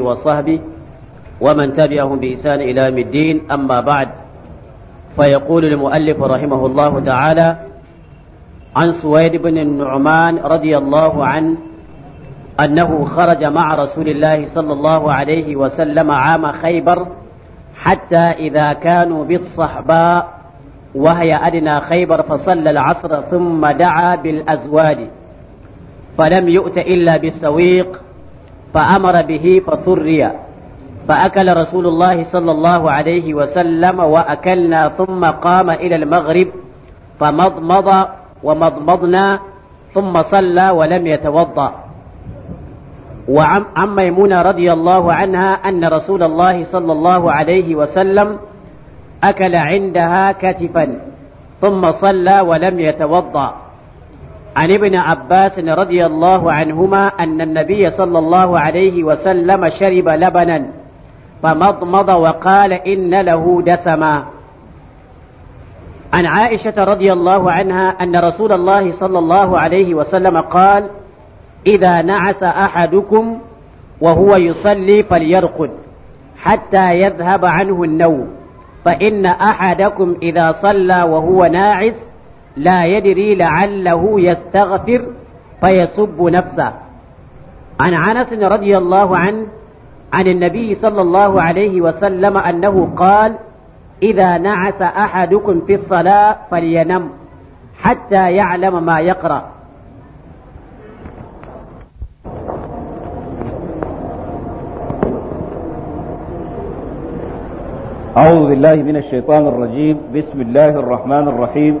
وصحبه ومن تبعهم بإحسان إلى يوم الدين أما بعد فيقول المؤلف رحمه الله تعالى عن سويد بن النعمان رضي الله عنه أنه خرج مع رسول الله صلى الله عليه وسلم عام خيبر حتى إذا كانوا بالصحباء وهي أدنى خيبر فصلى العصر ثم دعا بالأزواج فلم يؤت إلا بالسويق فأمر به فسري فأكل رسول الله صلى الله عليه وسلم وأكلنا ثم قام إلى المغرب فمضمض ومضمضنا ثم صلى ولم يتوضأ وعن ميمونة رضي الله عنها أن رسول الله صلى الله عليه وسلم أكل عندها كتفا ثم صلى ولم يتوضأ عن ابن عباس رضي الله عنهما أن النبي صلى الله عليه وسلم شرب لبنا فمضمض وقال إن له دسما عن عائشة رضي الله عنها أن رسول الله صلى الله عليه وسلم قال إذا نعس أحدكم وهو يصلي فليرقد حتى يذهب عنه النوم فإن أحدكم إذا صلى وهو ناعس لا يدري لعله يستغفر فيسب نفسه عن عنس رضي الله عنه عن النبي صلى الله عليه وسلم انه قال اذا نعس احدكم في الصلاه فلينم حتى يعلم ما يقرا أعوذ بالله من الشيطان الرجيم بسم الله الرحمن الرحيم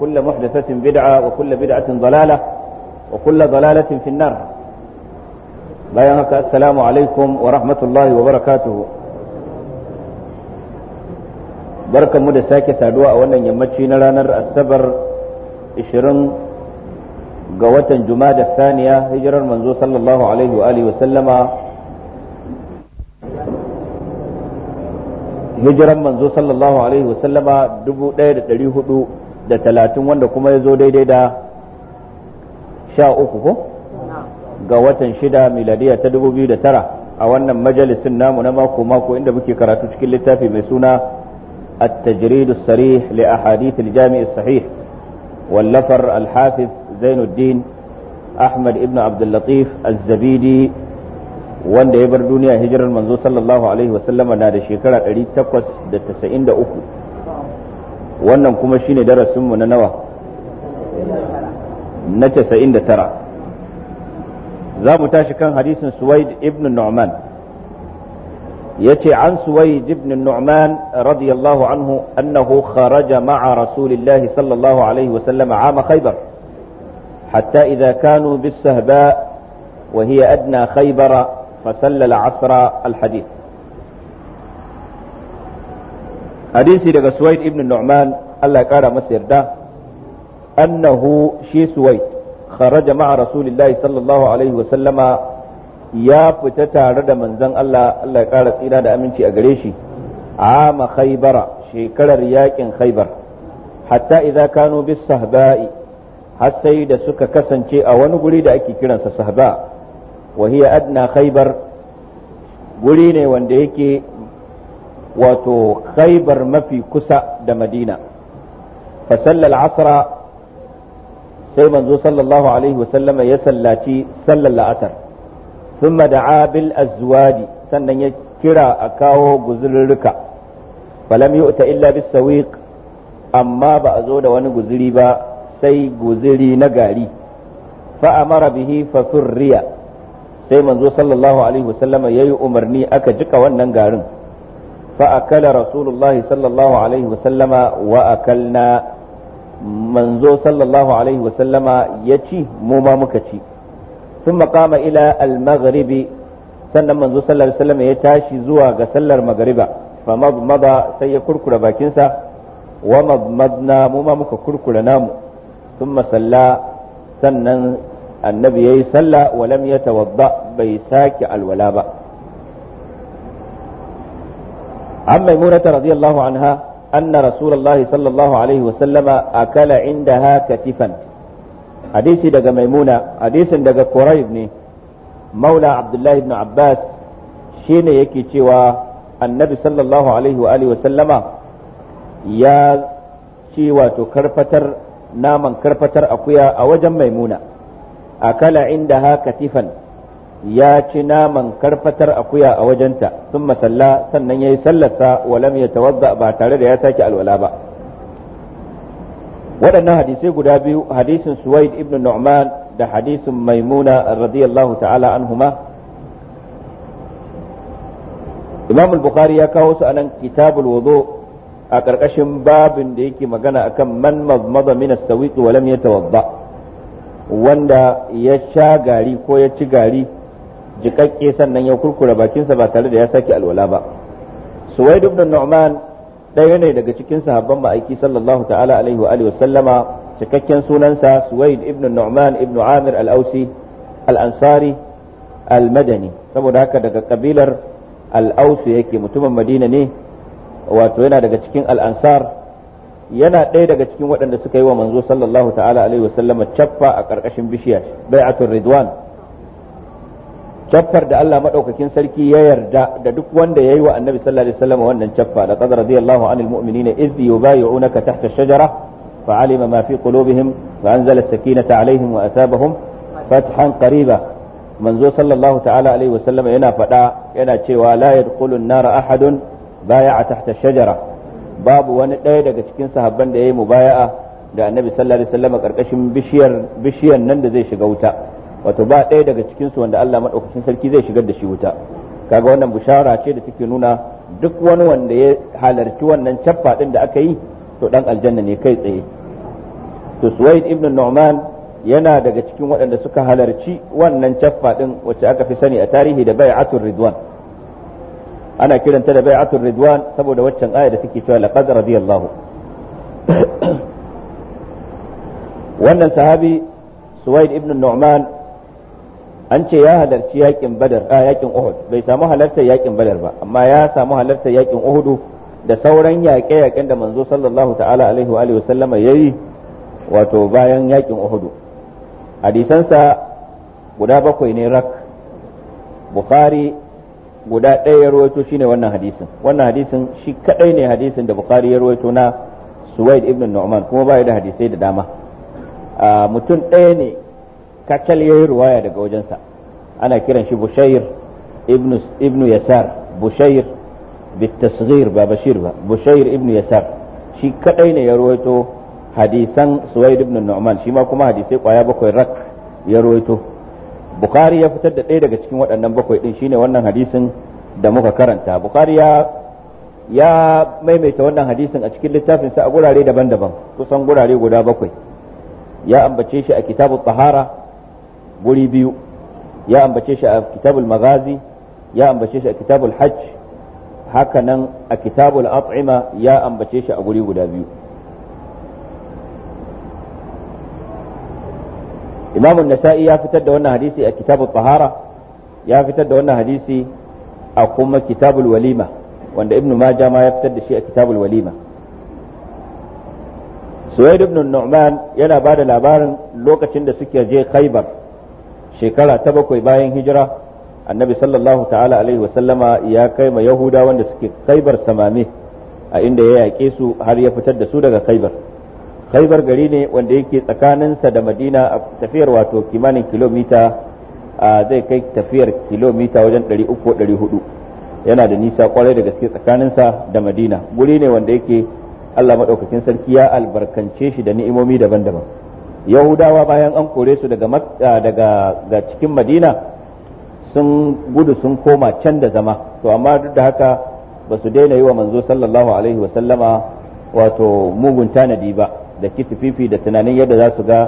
وكل محدثة بدعة وكل بدعة ضلالة وكل ضلالة في النار لا ينهك السلام عليكم ورحمة الله وبركاته بركة مدى ساكي سادوا أولا يمتشي نرانر السبر إشرن قوة جماد الثانية هجر المنزو صلى الله عليه وآله وسلم hijiran manzo sallallahu alaihi wasallama dubu ɗaya da ɗari hudu da talatin wanda kuma ya zo daidai da sha uku ko ga watan shida miladiya ta dubu biyu da tara a wannan majalisin namu na mako mako inda muke karatu cikin littafi mai suna التجريد الصريح لأحاديث الجامع الصحيح واللفر الحافظ زين الدين أحمد ابن عبد اللطيف الزبيدي wanda ya bar duniya hijirar manzo sallallahu alaihi wasallama na da shekara uku. wannan kuma shine darasinmu na nawa na 99 da za mu tashi kan hadisin suwaid ibn nu'man ya ce an suwaid ibn nu'man radiyallahu anhu annahu kharaja ma'a rasulillahi sallallahu alaihi wasallama ama khaybar hatta idza kanu bis sahba وهي أدنى خيبر فسلل عصر الحديث hadisi daga suwaid ibn nu'man Allah ya kara masa yarda annahu shi suwaid kharaja ma'a rasulillahi sallallahu alaihi wa sallama ya fita tare da manzon Allah Allah ya kara tsira da aminci a gare shi ama khaybara shekarar yakin khaybar hatta idza kanu bis sahba'i har sai da suka kasance a wani guri da ake kiransa sahba wa hiya adna khaybar guri ne wanda yake wato khaibar mafi kusa da madina fa asar sai manzo sallallahu alaihi wasallama ya sallaci sallar la'asar thumma da'a bil azwadi sannan ya kira a kawo guzurruka falam yu'ta illa bis sawiq amma ba a zo da wani guziri ba sai guziri na gari fa mara bihi fa sai manzo sallallahu alaihi wasallama yayi umarni aka jika wannan garin فأكل رسول الله صلى الله عليه وسلم وأكلنا منزو صلى الله عليه وسلم يتي موما مكتي ثم قام إلى المغرب sannan manzo sallallahu alaihi wasallam ya tashi zuwa ga sallar magriba fa madmada sai ya kurkura bakinsa sa wa madmadna mu muka kurkura namu thumma salla sannan annabi yayi salla wa lam bai sake alwala ba عن ميمونة رضي الله عنها أن رسول الله صلى الله عليه وسلم أكل عندها كتفا حديث دقى ميمونة حديث دقى قريب ني مولى عبد الله بن عباس شين يكي تشوى النبي صلى الله عليه وآله وسلم يا تشوى كرفتر naman karfatar akuya a wajen maimuna akala inda ha katifan ya ci naman karfatar akuya a wajenta sun masalla sannan ya yi sallarsa walam ya tawadda ba tare da ya sake alwala ba waɗannan hadisai guda biyu hadisin suwaid ibn nu'man da hadisin maimuna radiyallahu ta'ala anhuma imam al-bukhari ya kawo su anan kitabul wudu a ƙarƙashin babin da yake magana akan man mazmada min as-sawiq ya tawadda wanda ya sha gari ko ya ci gari jikakke sannan ya kurkura bakinsa ba tare da ya sake alwala ba suwaid ibn nu'man ɗaya ne daga cikin sahabban ma'aiki sallallahu ta'ala alaihi wa wa sallama cikakken sunansa suwaid ibn nu'man ibn amir al-ausi al-ansari al-madani saboda haka daga kabilar al-ausi yake mutumin madina ne wato yana daga cikin al-ansar yana ɗaya daga cikin waɗanda suka yi wa manzo sallallahu ta'ala alaihi wa sallama chaffa a ƙarƙashin bishiya bai'atul ridwan caffar da Allah madaukakin sarki ya yarda da duk wanda ya yi wa annabi sallallahu alaihi wasallam wannan caffa da qad radiyallahu anil mu'minina idh yubayyi'unaka tahta ash-shajara fa'alima ma fi qulubihim wa anzala as-sakinata alaihim wa asabahum fathan qariba manzo sallallahu yana fada yana cewa la kulun an-nar ahadun bay'a tahta ash-shajara babu wani ɗaya daga cikin sahabban da ya yayi mubaya'a da annabi sallallahu karkashin bishiyar bishiyar nan da zai shiga wuta wato ba ɗaya daga cikin wanda Allah madaukakin sarki zai shigar da shi wuta kaga wannan bushara ce da take nuna duk wani wanda ya halarci wannan caffaɗin din da aka yi to dan aljanna ne kai tsaye to Suwaid ibn Nu'man yana daga cikin waɗanda suka halarci wannan caffa din wacce aka fi sani a tarihi da bai'atul ridwan ana kiranta da bai'atul ridwan saboda waccan aya da take cewa laqad radiyallahu wannan sahabi Suwaid ibn Nu'man an ce ya halarci yakin badar a yakin uhud bai samu halartar yakin badar ba amma ya samu halartar yakin uhud da sauran yaƙe-yaƙen da manzo sallallahu ta'ala alaihi wa sallama yayi wato bayan yakin uhud hadisansa guda bakwai ne rak bukhari guda ɗaya ya rawaito shine wannan hadisin wannan hadisin shi kadai ne hadisin da bukhari ya rawaito na suwaid ibn nu'man kuma ba da hadisai da dama mutum ɗaya ne kacal ya yi ruwaya daga wajensa ana kiran shi bushair ibnu Bushayir yasar bushair Bashir ba Bushayir ibnu Yasar shi kadai ne ya ruwaito hadisan suwaid ibn nu'man shi ma kuma hadisai kwaya bakwai rak ya ruwaito bukhari ya fitar da ɗaya daga cikin waɗannan bakwai din shine wannan hadisin da muka karanta bukhari ya ya maimaita wannan hadisin a cikin littafinsa a gurare daban-daban kusan gurare guda bakwai ya ambace shi a kitabu tahara guri biyu ya ambace shi a kitabul magazi ya ambace shi a kitabul hajj haka nan a kitabul at'ima ya ambace shi a guri guda biyu imam nasa'i ya fitar da wannan hadisi a kitabul tahara ya fitar da wannan hadisi a kuma kitabul walima wanda ibnu majah ma ya fitar da shi a kitabul walima suwaid ibn nu'man yana ba da labarin lokacin da suke je khaybar shekara ta bakwai bayan hijira annabi sallallahu ta'ala alaihi wasallama ya kai ma yahuda wanda suke kaibar samame a inda ya yaƙe su har ya fitar da su daga kaibar kaibar gari ne wanda yake tsakaninsa da madina a tafiyar wato kimanin kilomita a zai kai tafiyar kilomita wajen 300-400 yana da nisa kwarai da gaske tsakaninsa da madina guri ne wanda yake allah maɗaukakin sarki ya albarkance shi da ni'imomi daban-daban yahudawa bayan an kore su daga ah, daga cikin madina sun gudu sun koma can da zama to amma duk da haka ba su daina yi wa manzo sallallahu alaihi wasallama wato mugun tanadi ba da kitififi da tunanin yadda za su ga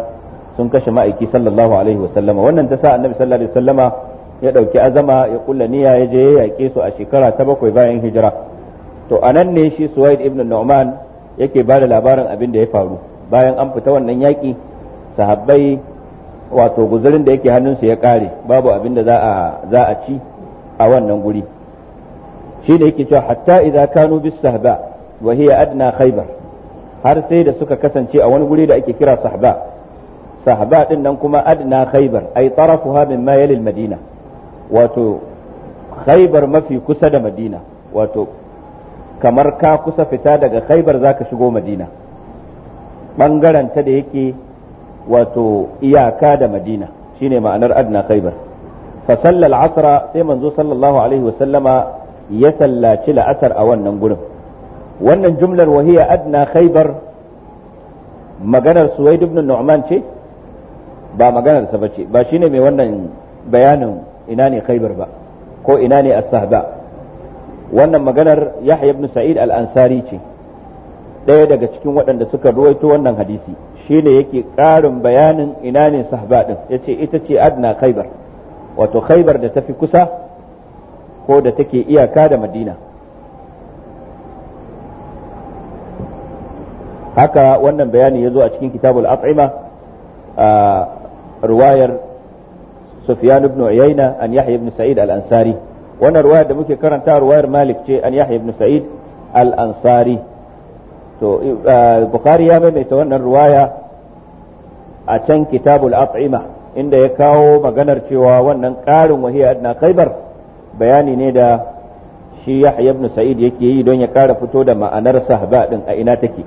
sun kashe ma'aiki sallallahu alaihi wasallama wannan ta sa annabi sallallahu alaihi wasallama ya dauki azama ya kulla niyya ya je ya yake su a shekara ta bakwai bayan hijira to anan ne shi suwaid ibn nu'man yake ba da labarin abin da ya faru bayan an fita wannan yaki sahabbai wato guzurin da yake hannunsu ya kare babu abin da za a ci a wannan guri shi da yake cewa hatta idan kanu bis sahba wa hiya adna khaybar har sai da suka kasance a wani guri da ake kira sahba sahaba din nan kuma adna khaybar ay tarafuha mimma yali madina wato khaybar mafi kusa da madina wato kamar ka kusa fita daga khaybar zaka shigo madina bangaren ta da yake wato iyaka da madina shine ma'anar adna khaybar fa sallal asra sai manzo sallallahu alaihi wa ya sallaci la'asar a wannan gurin wannan jumlar wahiya adna khaybar maganar suwaid ibn nu'man ce ba maganar sa bace ba shine mai wannan bayanin ina ne khaybar ba ko ina ne as-sahba wannan maganar yahya ibn sa'id al-ansari ce ɗaya daga cikin waɗanda suka ruwaito wannan hadisi shine yake ƙarin bayanin ina ne sahaba din yace ita ce adna khaybar wato khaybar da tafi kusa ko da take iyaka da madina haka wannan bayani ya zo a cikin kitabul at'ima a ruwayar sufyan ibn uyayna an yahya ibn sa'id al'ansari wannan ruwayar da muke karanta ruwayar malik ce an yahya ibn sa'id al-ansari to eh, bukhari ya maimaita wannan ruwaya a can kitabul at'ima inda ya kawo maganar cewa wannan ƙarin wahiya na kaibar bayani ne da shi yahya ibn sa'id yake yi don ya ƙara fito da ma'anar sahaba din a ina take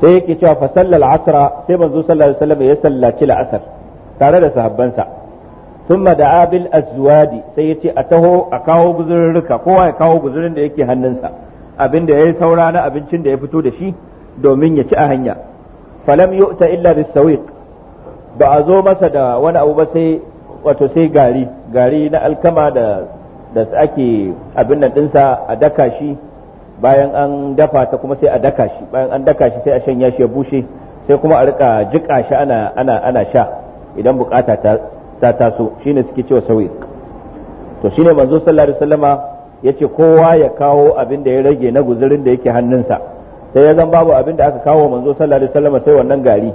sai yake cewa fa sallal asra sai manzo sallallahu alaihi wasallam ya sallaci la'asar tare da sahabbansa thumma da'a bil azwadi sai ce a taho a kawo guzurruka kowa ya kawo guzurin da yake hannunsa abin da yayi saura na abincin da ya fito da shi domin ya ci a hanya falam yu'ta illa sawiq ba a zo masa da wani abu ba sai wato sai gari gari na alkama da da ake abin nan dinsa a daka shi bayan an dafa ta kuma sai a daka shi bayan an daka shi sai a shanya shi ya bushe sai kuma a rika jika shi ana ana ana sha idan bukata ta ta taso shine suke cewa sawiq to shine manzo sallallahu alaihi wasallama ya ce kowa ya kawo abin da ya rage na guzurin da yake hannunsa sai ya zan babu abin da aka kawo manzo sallallahu alaihi wasallam sai wannan gari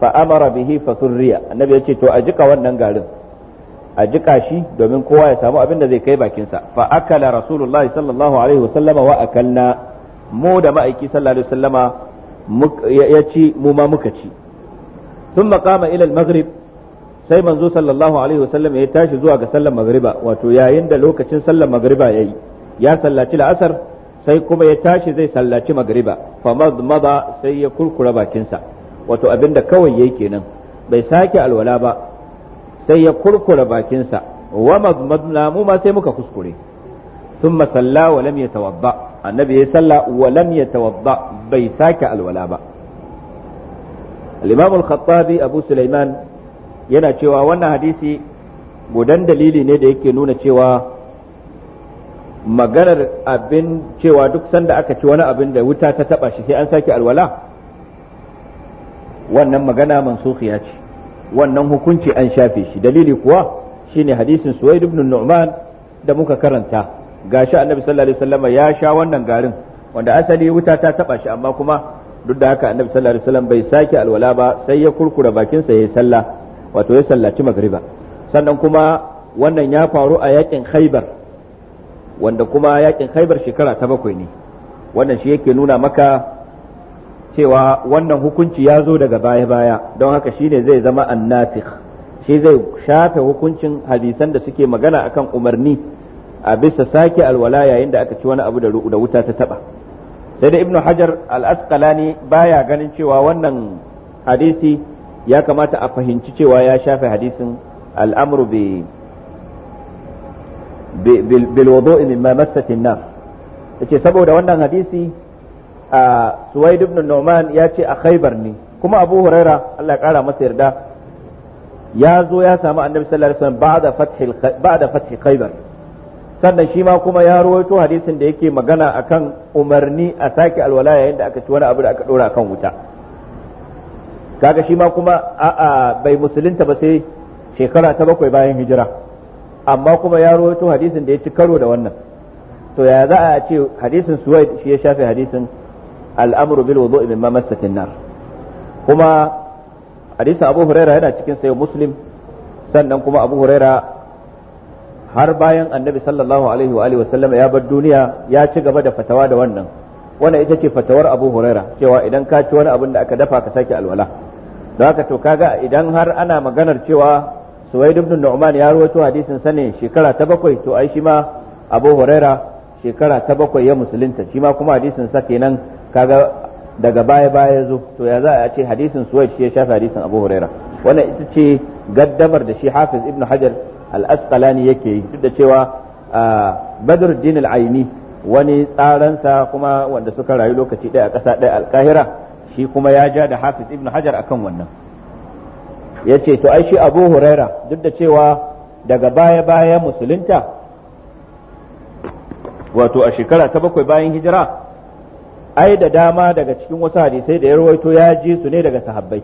fa amara bihi fa surriya annabi ce to a jika wannan garin a jika shi domin kowa ya samu abin da zai kai bakinsa fa akala rasulullahi sallallahu alaihi wasallam wa akalna mu da ma'aiki sallallahu alaihi wasallama ya ci mu ma muka ci ثم قام ilal المغرب sai manzo sallallahu alaihi wasallam ya tashi zuwa ga sallar magriba wato yayin da lokacin sallar magriba yayi ya sallaci la'asar sai kuma ya tashi zai sallaci magriba fa madmada sai ya kurkura bakinsa wato abinda kawai yayi kenan bai sake alwala ba sai ya kurkura bakinsa wa madmadna mu ma sai muka kuskure thumma salla wa lam yatawadda annabi ya salla wa lam yatawadda bai sake alwala ba al-imam abu sulaiman yana cewa wannan hadisi gudan dalili ne da yake nuna cewa maganar abin cewa duk sanda aka ci wani abin da wuta ta taba shi sai an sake alwala wannan magana mansukhiya ce wannan hukunci an shafe shi dalili kuwa shine hadisin suwaid ibn nu'man da muka karanta gashi annabi sallallahu alaihi wasallam ya sha wannan garin wanda asali wuta ta taba shi amma kuma duk da haka annabi sallallahu alaihi wasallam bai sake alwala ba sai ya kurkura bakinsa yayi sallah wato ya sallaci magriba sannan kuma wannan ya faru a yakin khaibar wanda kuma yakin khaibar shekara ta bakwai ne wannan shi yake nuna maka cewa wannan hukunci ya zo daga baya-baya don haka shine zai zama annatikh shi zai shafe hukuncin hadisan da suke magana akan umarni a bisa sake alwala yayin da aka ci wani abu da wuta ta taba sai da ibnu hajar al-asqalani baya ganin cewa wannan hadisi ya kamata a fahimci cewa ya shafe hadisin al’amuru bi bil wudu'i mimma massatin saboda wannan hadisi a Suwaid ibn al-Noman ya ce a Khaibar ne kuma Abu Huraira Allah ya kara masa yarda ya zo ya samu Annabi sallallahu alaihi wasallam ba'da ba'da fathi Khaibar sannan shi ma kuma ya rawaito hadisin da yake magana akan umarni a sake alwala yayin da aka ci wani abu da aka dora akan wuta kaga shi ma kuma a'a bai musulunta ba sai shekara ta bakwai bayan hijira amma kuma ya rawaito hadisin da ya ci karo da wannan to ya za a ce hadisin suwaid shi ya shafe hadisin al'amru bil wudu'i mimma massatin nar kuma hadisin abu huraira yana cikin sayo muslim sannan kuma abu huraira har bayan annabi sallallahu alaihi wa alihi sallam ya bar duniya ya ci gaba da fatawa da wannan wannan ita ce fatawar abu huraira cewa idan ka ci wani abin da aka dafa ka sake alwala don haka to kaga idan har ana maganar cewa suwaid ibn nu'man ya rawaito hadisin sane shekara ta bakwai to ai shi ma abu huraira shekara ta bakwai ya musulunta shi ma kuma hadisin sa kenan kaga daga baya baya zo to ya za a ce hadisin suwaid shi ya shafa hadisin abu huraira wannan ita ce gaddamar da shi hafiz ibn hajar al-asqalani yake yi duk da cewa badur al-aini wani tsaransa kuma wanda suka rayu lokaci ɗaya a ƙasa ɗaya alkahira shi kuma ya ja da hafiz ibn hajar akan wannan ya ce to ai shi abu huraira duk da cewa daga baya baya musulunta wato a shekara ta bakwai bayan hijira ai da dama daga cikin wasu hadisai da ya rawaito ya ji su ne daga sahabbai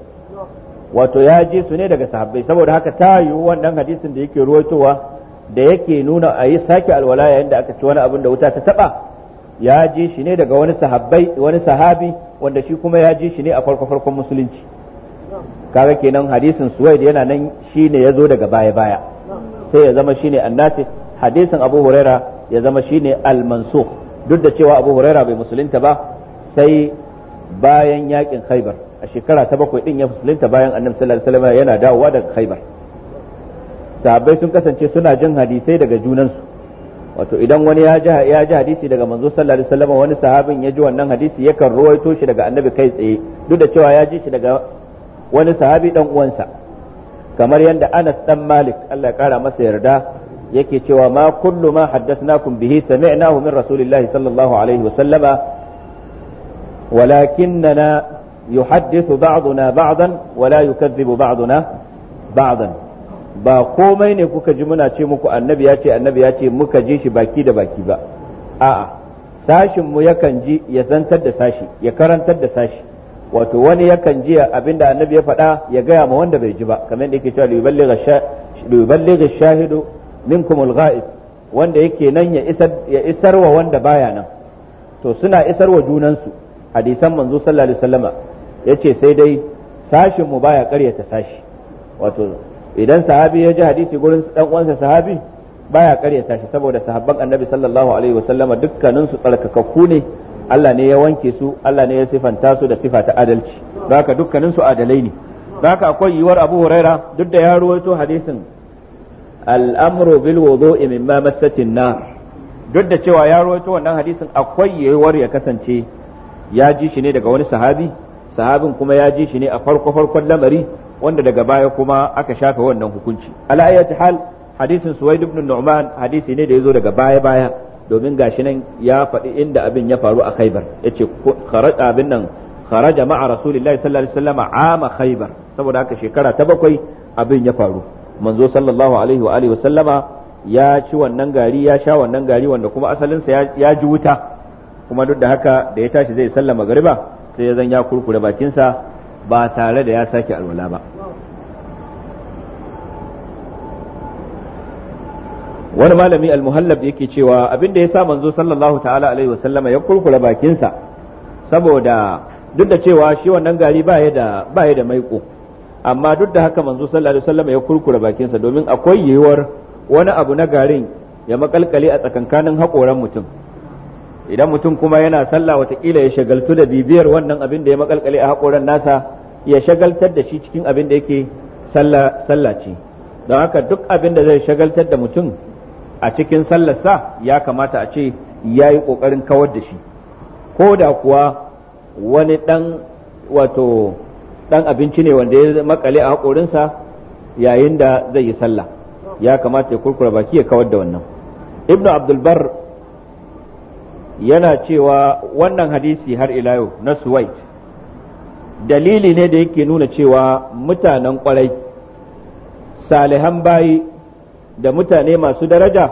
wato ya ji su ne daga sahabbai saboda haka ta yiwu wannan hadisin da yake ruwaitowa da yake nuna a yi sake alwala yayin da aka ci wani abin da wuta ta taba ya ji shi ne daga wani sahabbai wani sahabi wanda shi kuma ya ji shi ne a farko farkon musulunci kaga kenan hadisin suwaid yana nan shine ya zo daga baya baya sai ya zama shine annasi hadisin abu huraira ya zama shine al-mansukh duk da cewa abu huraira bai musulunta ba sai bayan yakin khaibar a shekara ta bakwai din ya musulunta bayan annabi sallallahu alaihi wasallam yana dawowa daga khaibar sahabbai sun kasance suna jin hadisai daga junansu wato idan wani ya ji ya ji hadisi daga manzo sallallahu alaihi wasallam wani sahabin ya ji wannan hadisi yakan ruwaito shi daga annabi kai tsaye duk da cewa ya ji shi daga wani sahabi dan uwansa kamar yadda Anas dan Malik Allah ya kara masa yarda yake cewa ma kullu ma haddathnakum bihi sami'nahu min rasulillahi sallallahu alaihi wasallama ولكننا يحدث بعضنا بعضا ولا يكذب بعضنا بعضا ba komai ne kuka ji muna ce muku annabi ya ce annabi ya ce muka ji shi baki da baki ba a'a sashin mu yakan ji ya zantar da sashi ya karantar da sashi wato wani yakan ji abinda annabi ya faɗa ya gaya ma wanda bai ji ba kamar yadda yake cewa liyuballigha shahidu minkum al-ghaib wanda yake nan ya isar ya isarwa wanda baya nan to suna isarwa junansu hadisan manzo sallallahu alaihi wasallama yace sai dai sashin mu baya ƙaryata sashi wato idan sahabi ya ji hadisi gurin dan uwansa sahabi baya karyata shi saboda sahabban annabi sallallahu alaihi wasallama dukkanin su tsarkakakku ne Allah ne ya wanke su Allah ne ya sifanta su da sifa ta adalci baka dukkanin su adalai ne baka akwai yiwuwar Abu Huraira duk da ya ruwaito hadisin al'amru bil wudu'i mimma massatin nar duk da cewa ya ruwaito wannan hadisin akwai yiwar ya kasance ya ji shi ne daga wani sahabi sahabin kuma ya ji shi ne a farko farkon lamari wanda daga baya kuma aka shafe wannan hukunci ala hal hadisin suwaid ibn nu'man hadisi ne da ya zo daga baya baya domin gashi nan ya faɗi inda abin ya faru a khaybar yace kharaja abin nan kharaja ma'a rasulillahi sallallahu alaihi wasallam ama khaybar saboda haka shekara ta bakwai abin ya faru manzo sallallahu alaihi wa alihi wasallama ya ci wannan gari ya sha wannan gari wanda kuma asalinsa ya ji wuta kuma duk da haka da ya tashi zai sallama gariba sai ya zan ya kurkure bakinsa ba tare da ya sake alwala ba wani malami almuhallab yake cewa abin da ya sa manzo sallallahu ta'ala alaihi wasallama ya kurkura bakinsa saboda duk da cewa shi wannan gari ba ya da ba maiko amma duk da haka manzo sallallahu alaihi wasallama ya kurkura bakinsa domin akwai yiwuwar wani abu na garin ya makalkale a tsakankanin haƙoran mutum idan mutum kuma yana sallah watakila ya shagaltu da bibiyar wannan abin da ya makalkale a haƙoran nasa ya shagaltar da shi cikin abin da yake sallah ce don haka duk abin da zai shagaltar da mutum a cikin sallarsa ya kamata a ce ya yi ƙoƙarin kawar da shi ko da kuwa wani ɗan wato ɗan abinci ne wanda ya makale a haƙorinsa yayin da zai yi sallah ya kamata ya kurkura baki ya kawar da wannan ibnu abdulbar yana cewa wannan hadisi har ila yau na suwait dalili ne da yake nuna cewa mutanen kwarai salihan bayi da mutane masu daraja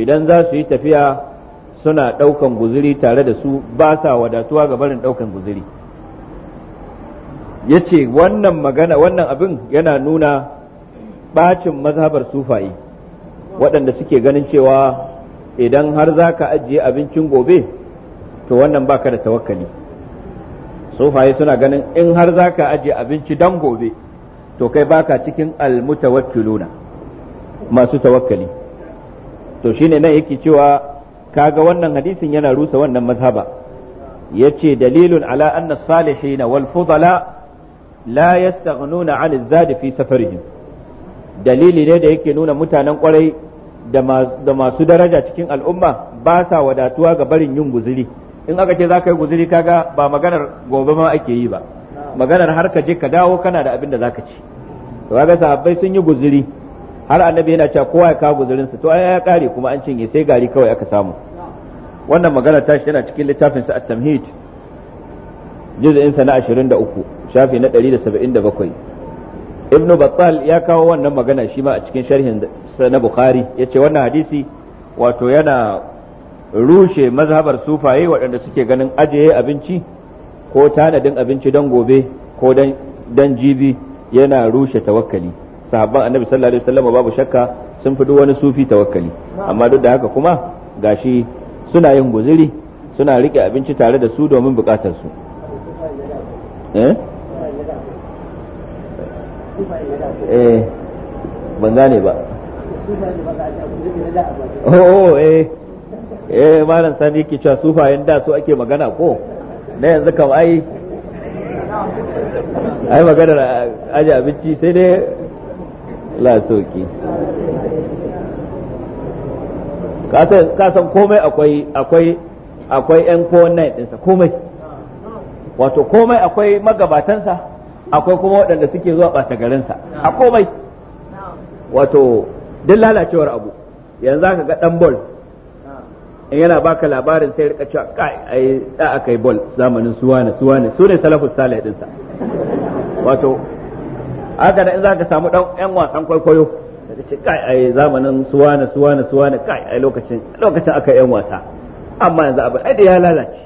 idan za su yi tafiya suna ɗaukan guziri tare da su ba sa wadatuwa ga barin ɗaukan guziri ya ce wannan magana wannan abin yana nuna ɓacin mazhabar sufaye waɗanda suke ganin cewa idan har za ka ajiye abincin gobe to wannan baka da tawakkali sofaye suna ganin in har za ka ajiye abinci dan gobe to kai baka cikin almutawakkiluna masu tawakkali to shine nan yake cewa kaga wannan hadisin yana rusa wannan mazhaba yace dalilun ala anna salihin wal fudala la yastaghnuna 'an az fi safarihim dalili ne da yake nuna mutanen kwarai da masu daraja cikin al'umma ba sa wadatuwa ga barin yin guzuri in aka ce za ka yi guzuri kaga ba maganar gobe ma ake yi ba maganar har ka je ka dawo kana da abin da za ka ci to kaga sahabbai sun yi guzuri har annabi yana cewa kowa ya kawo guzurin sa to ai ya kare kuma an cinye sai gari kawai aka samu wannan magana ta shi yana cikin littafin sa at-tamhid juz'in sa na 23 shafi na 177 ibn battal ya kawo wannan magana shi ma a cikin sharhin sa na bukhari yace wannan hadisi wato yana rushe mazhabar sufaye waɗanda suke ganin ajiye abinci ko tanadin abinci don gobe ko don jibi yana rushe tawakkali sahabban annabi sallallahu alaihi wasallam babu shakka sun fi duk wani sufi tawakkali amma duk da haka kuma gashi suna yin guziri suna rike abinci tare da su domin bukatar su eh eh ban gane ba oh eh eh malam sani yake cewa sufayen da su ake magana ko na yanzu kam ai ai maganar aji abinci sai dai la soki kasan komai akwai akwai akwai yan 419 ɗinsa komai wato komai akwai magabatansa akwai kuma waɗanda suke zuwa ɓata garinsa a komai wato duk lalacewar abu yanzu aka ga ɗan bol in yana baka labarin sai rika cewa kai ai da aka yi bol zamanin suwane suwane su ne salafus salih dinsa wato haka da in zaka samu dan yan wasan kwaikwayo da ce kai ai zamanin suwane suwane suwane kai ai lokacin lokacin aka yi yan wasa amma yanzu abu ai da ya lalace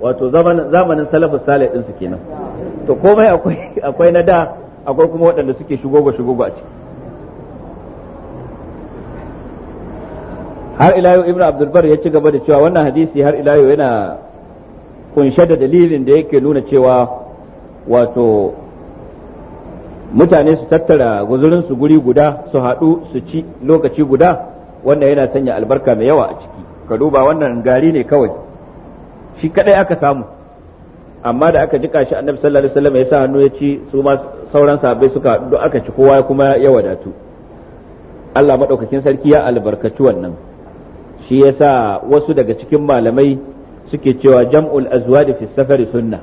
wato zamanin zamanin salafus salih dinsu kenan to komai akwai na da akwai kuma waɗanda suke shigogo shigogo a ciki har ila Ibn ibnu ya ci gaba da cewa wannan hadisi har ila yana kunshe da dalilin da yake nuna cewa wato mutane su tattara guzurin su guri guda su haɗu su ci lokaci guda wannan yana sanya albarka mai yawa a ciki ka duba wannan gari ne kawai shi kadai aka samu amma da aka jika shi annabi sallallahu alaihi wasallam ya sa hannu ya ci su ma sauran sahabbai suka duk aka ci kowa kuma ya wadatu Allah madaukakin sarki ya albarkaci wannan shi yasa wasu daga cikin malamai suke cewa jam'ul azwadi fi safari sunna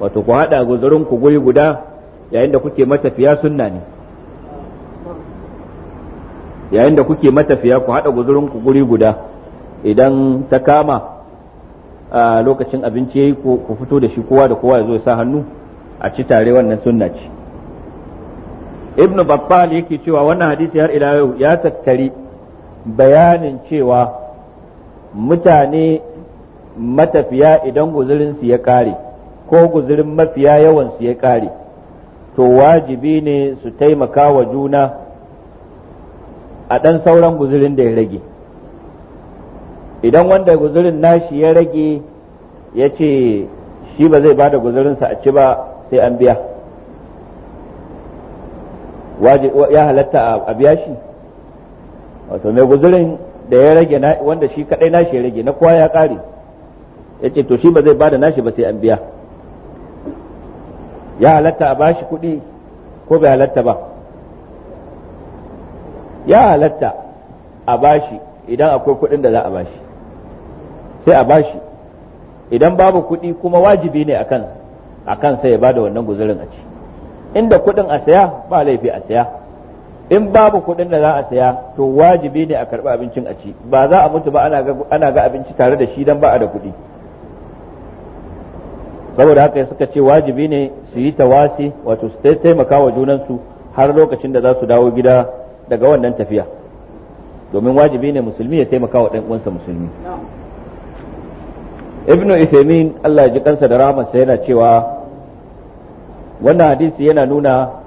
wato ku hada guzurin ku guri guda yayin da kuke matafiya sunna ne yayin da kuke matafiya ku hada guzurin ku guri guda idan ta kama a lokacin abinci yayi ko ku fito da shi kowa da kowa ya zo ya sa hannu a ci tare wannan sunna ce ibnu babbal yake cewa wannan hadisi har ila yau ya tattari bayanin cewa mutane matafiya idan guzurinsu ya kare ko guzurin mafiya yawan su ya kare to wajibi ne su taimaka wa juna a ɗan sauran guzurin da ya rage idan wanda guzurin nashi ya rage ya ce shi ba zai bada guzurinsa a ci ba sai an biya ya halatta a biya shi wato mai guzurin da ya rage wanda shi kadai nashi ya rage na kowa ya kare ya ce to shi ba zai bada nashi ba sai an biya ya halatta a bashi kuɗi ko bai halatta ba ya halatta a bashi idan akwai kuɗin da za a bashi sai a bashi idan babu kuɗi kuma wajibi ne akan akan sai ya bada wannan guzurin a ci inda kuɗin a saya ba laifi a saya in babu kuɗin da za a saya to wajibi ne a karɓi abincin a ci ba za a mutu ba ana ga abinci tare da shi dan ba a da kuɗi saboda haka suka ce wajibi ne su yi tawasi wato su taimaka wa junansu har lokacin da za su dawo gida daga wannan tafiya domin wajibi ne musulmi ya taimaka wa ɗan uwansa musulmi ibnu Uthaymeen Allah ji kansa da rahmarsa yana cewa wannan hadisi yana nuna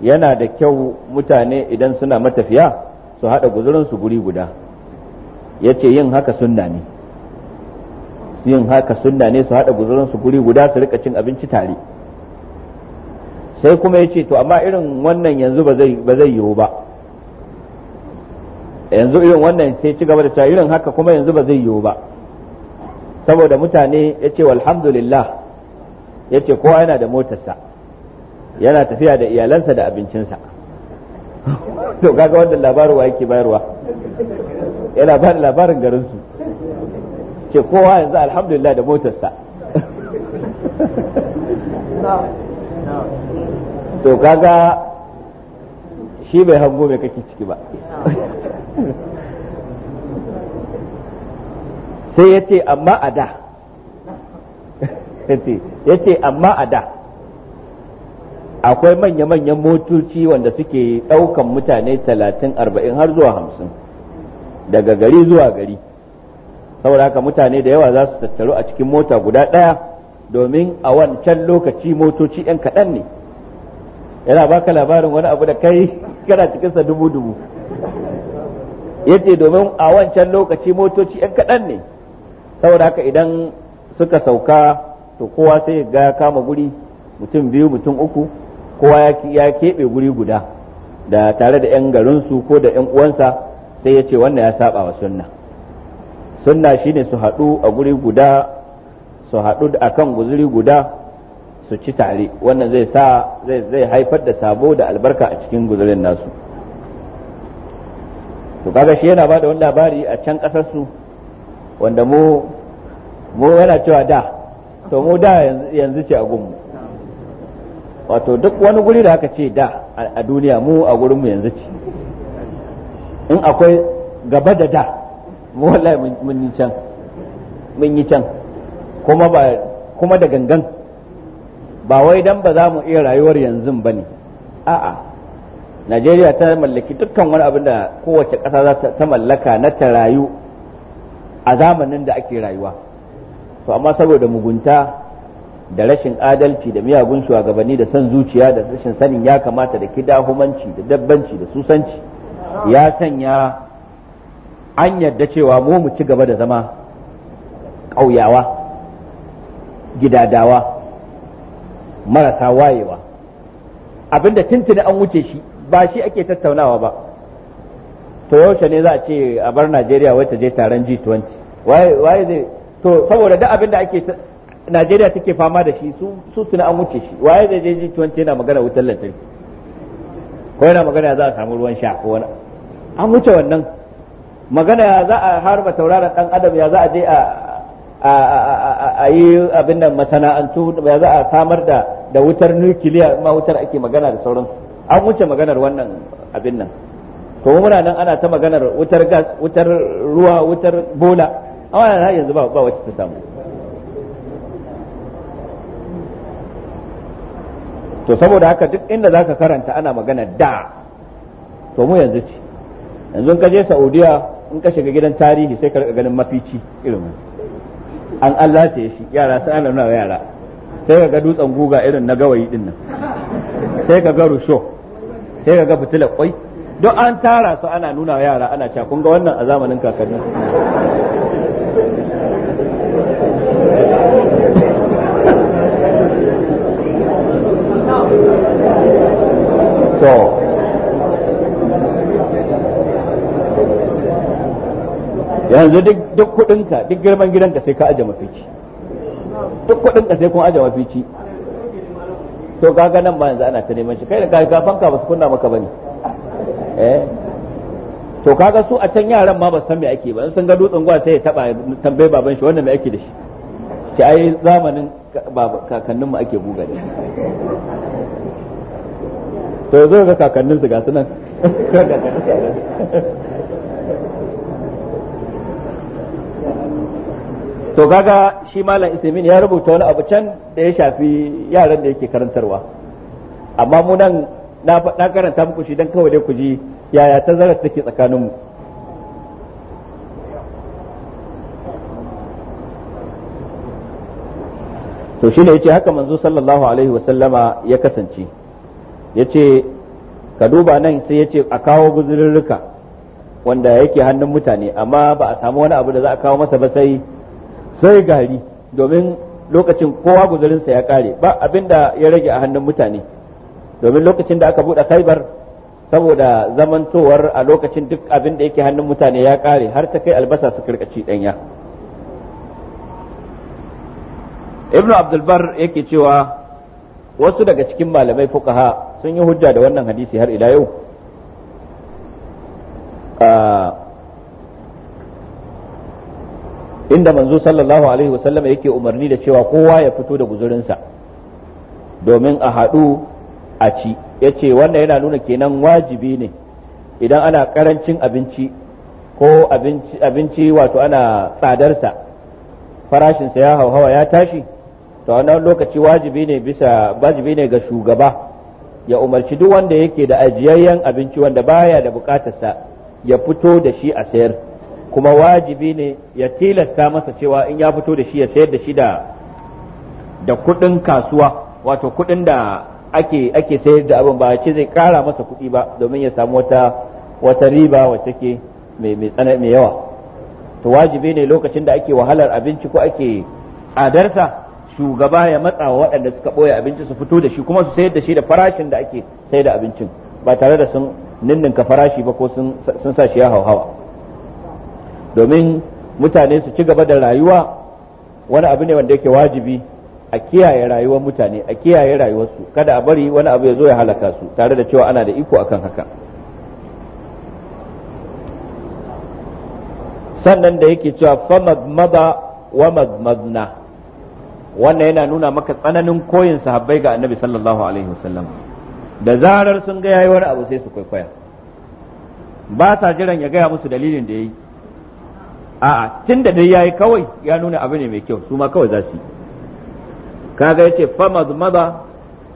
yana da kyau mutane idan suna matafiya su haɗa guzurinsu guri guda ya ce yin haka sunna ne yin haka sunna ne su haɗa guzurinsu guri guda su rika cin abinci tare sai kuma ya ce to amma irin wannan yanzu ba zai yiwu ba yanzu irin wannan sai ci gaba da ta irin haka kuma yanzu ba zai yiwu ba saboda mutane ya ce walhamdulillah ya ce kowa yana da motarsa yana tafiya da iyalansa da abincinsa to kaga wannan labarwa yake bayarwa yana ba da labarin garinsu ce kowa yanzu alhamdulillah da motarsa to kaga shi bai hango mai kake ciki ba sai ya ce amma a da ya ce amma a da akwai manya-manyan motoci wanda suke ɗaukan mutane talatin arba'in har zuwa hamsin daga gari zuwa gari saboda haka mutane da yawa za su tattaru a cikin mota guda ɗaya domin a wancan lokaci motoci 'yan kaɗan ne yana baka labarin wani abu da kai kana cikinsa dubu-dubu yace domin a wancan lokaci motoci 'yan kaɗan ne saboda haka idan suka sauka to kowa sai ga ya kama guri mutum biyu mutum uku kowa ya keɓe guri guda da tare da 'yan garinsu ko da 'yan uwansa sai ya ce wannan ya saba wa sunna sunna shine su haɗu a guri guda su haɗu a kan guzuri guda su ci tare wannan zai sa zai haifar da sabo da albarka a cikin guzurin nasu to kaga shi yana ba da wani labari a can ƙasarsu wanda mu mu yana cewa da to mu da yanzu ce a gunmu wato duk wani guri da aka ce da a duniya mu a gurinmu yanzu ce in akwai gaba da da mu wallahi mun yi can mun yi can kuma ba kuma da gangan ba wai dan ba za mu iya rayuwar yanzu ba ne a'a Najeriya ta mallaki dukkan wani abin da kowace ƙasa za ta mallaka na ta rayu a zamanin da ake rayuwa to amma saboda mugunta da rashin adalci da miyagun shugabanni da son zuciya da rashin sanin ya kamata da kidahumanci da dabbanci da susanci ya sanya an yarda cewa mu mu ci gaba da zama ƙauyawa gidadawa marasa wayewa abinda tuntuni an wuce shi ba shi ake tattaunawa ba to yaushe ne za a ce a bar Najeriya wacce je taron G20 waye zai to saboda duk abin da ake Najeriya take fama da shi su su tuna an wuce shi waye zai je G20 yana magana wutar lantarki ko yana magana za a samu ruwan sha ko wani an wuce wannan magana ya za a harba tauraron dan adam ya za a je a yi abin nan masana'antu ya za a samar da da wutar nukiliya ma wutar ake magana da sauransu an wuce maganar wannan abin nan to muna nan ana ta maganar wutar gas wutar ruwa wutar bola amma nan har yanzu ba ba wacce ta samu to saboda haka duk inda zaka karanta ana magana da to mu yanzu ce yanzu ka je Saudiya in ka shiga gidan tarihi sai ka ganin mafici irin an Allah ta yi shi yara sai ana nuna yara sai ka ga dutsen guga irin na gawayi din nan sai ka ga rusho sai ka ga fitilar kwai duk an tara su ana nuna wa yara ana cewa kun ga wannan a zamanin kakanni to yanzu duk kudinka duk girman gidanka sai ka aje mafici duk kudinka sai kun aje mafici to kaga nan ba yanzu ana ta neman shi kai da kafin ba su kunna maka bane eh to kaga su a can yaran ma ba san me ake ba sun ga dutsen gwa sai ya taba tambaye baban shi wanda me ake da shi ce ai zamanin kakanninmu ake buga da to zo ga kakannin su ga sunan to kaga shi malam isimin ya rubuta wani abu can da ya shafi yaran da yake karantarwa amma mu nan na faɗa karanta muku shi dan kawai dai ku ji yaya tazarar take tsakaninmu to ya yace haka manzo sallallahu alaihi wa sallama ya kasance yace ka duba nan sai yace a kawo guzurruka wanda yake hannun mutane amma ba a samu wani abu da za a kawo masa ba sai sai gari domin lokacin kowa guzurinsa ya kare ba abinda ya rage a hannun mutane domin lokacin da aka buɗe kaibar saboda zamantowar a lokacin duk abin da yake hannun mutane ya ƙare har ta kai albasa su karkaci ɗanya ibnu abdulbar yake cewa wasu daga cikin malamai fukaha sun yi hujja da wannan hadisi har ila yau inda manzo sallallahu alaihi wasallam yake umarni da cewa kowa ya fito da guzurinsa domin a haɗu a ci ya ce wannan yana nuna kenan wajibi ne idan ana karancin abinci ko abinci wato ana tsadarsa farashinsa ya hauhawa ya tashi to wannan lokaci wajibi ne bisa wajibi ne ga shugaba ya umarci duk wanda yake da ajiyayyen abinci wanda baya da bukatarsa ya fito da shi a sayar kuma wajibi ne ya tilasta masa cewa in ya fito da shi ya sayar da shi da da kuɗin kasuwa wato kuɗin da ake ake sayar da abin ba ce zai kara masa kuɗi ba domin ya samu wata wata riba wacce ke mai mai tsana mai yawa to wajibi ne lokacin da ake wahalar abinci ko ake tsadarsa shugaba ya matsa wa waɗanda suka ɓoye abinci su fito da shi kuma su sayar da shi da farashin da ake sayar da abincin ba tare da sun ninninka farashi ba ko sun sa shi ya hauhawa domin mutane su ci gaba da rayuwa wani abu ne wanda yake wajibi a kiyaye rayuwar mutane a kiyaye rayuwarsu kada a bari wani abu ya zo ya halaka su tare da cewa ana da iko akan haka sannan da yake cewa famadmada wa madmadna wannan yana nuna maka tsananin koyin sahabbai ga annabi sallallahu alaihi wasallam da zarar sun ga yayi wani abu sai su kwaikwaya ba sa jiran ya gaya musu dalilin da yayi a'a tun da dai yayi kawai ya nuna abu ne mai kyau su ma kawai za su yi kaga yace fa madmada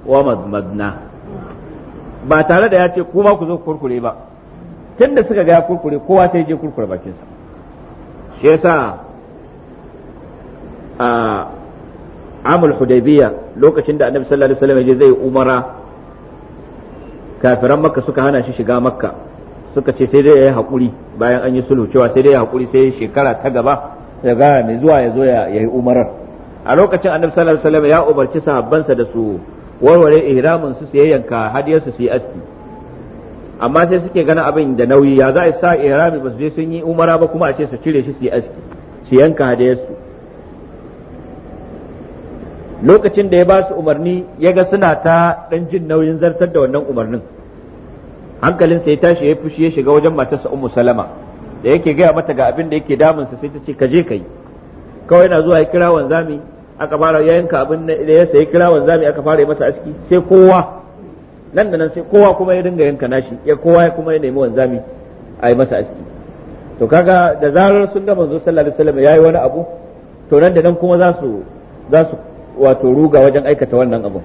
wa madmadna ba tare da yace kuma ku zo kurkure ba tunda suka ga kurkure kowa sai je kurkure bakinsa shi yasa a amul hudaybiya lokacin da annabi sallallahu alaihi wasallam ya je zai umara kafiran makka suka hana shi shiga makka suka ce sai dai ya yi haƙuri bayan an yi sulhu cewa sai dai ya hakuri sai shekara ta gaba ya gara mai zuwa ya zo ya yi umarar a lokacin annabi sallallahu alaihi wasallam ya umarci sa da su warware ihramin su sai yanka hadiyar su sai aski amma sai suke ganin abin da nauyi ya za a sa ihrami ba su je sun yi umara ba kuma a ce su cire shi su aski su yanka hadiyar su. lokacin da ya ba su umarni ya ga suna ta dan jin nauyin zartar da wannan umarnin hankalin ya tashi ya fushi ya shiga wajen matarsa ummu salama da yake gaya mata ga abin da yake damunsa sai ta ce ka je ka yi kawai na zuwa ya kira wanzami aka fara ya yanka abin da ya sayi kira wanzami aka fara yi masa aski sai kowa nan da nan sai kowa kuma ya dinga yanka nashi ya kowa kuma ya nemi wanzami a yi masa aski to kaga da zarar sun ga manzo sallallahu alaihi wasallam yayi wani abu to nan da nan kuma za su za su wato ruga wajen aikata wannan abun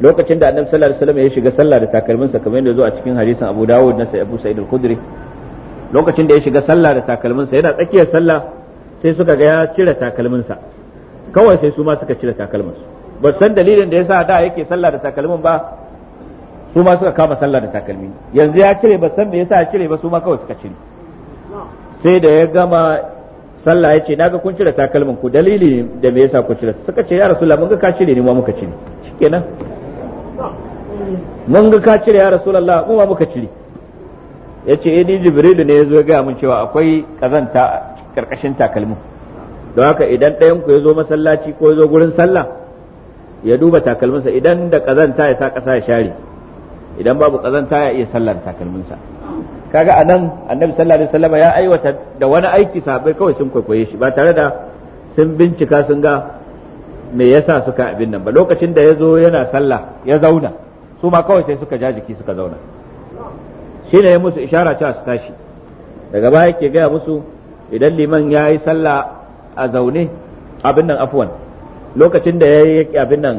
lokacin da annabi sallallahu alaihi wasallam ya shiga sallah da takalmin sa kamar yadda zo a cikin hadisin Abu Dawud na sai Abu Sa'id al-Khudri lokacin da ya shiga sallah da takalmin sa yana tsakiyar sallah sai suka ga ya cire takalminsa kawai sai su ma suka cire takalminsu ba san dalilin da yasa da yake sallah da takalmin ba su ma suka kama sallah da takalmi yanzu ya cire ba san me yasa ya cire ba su ma kawai suka cire sai da ya gama sallah ya ce naga kun cire takalmin ku dalili da me yasa ku cire suka ce ya rasulullah mun ga ka cire ne ma muka cire shikenan mun ga ka cire ya rasulullah mu ma muka cire yace eh ni jibrilu ne yazo ya ga mun cewa akwai kazanta karkashin takalmin don haka idan ɗayan ku ya zo masallaci ko ya zo gurin sallah ya duba takalminsa idan da kazanta ya sa ƙasa ya share idan babu kazanta ya iya sallar takalminsa kaga anan annabi sallallahu alaihi wasallam ya aiwata da wani aiki sabai kawai sun kwaikwaye shi ba tare da sun bincika sun ga me yasa suka abin nan ba lokacin da ya zo yana sallah ya zauna su ma kawai sai suka ja jiki suka zauna shine ya musu ishara cewa su tashi daga baya yake gaya musu idan liman ya yi sallah a zaune abin nan afwan lokacin da yake abin nan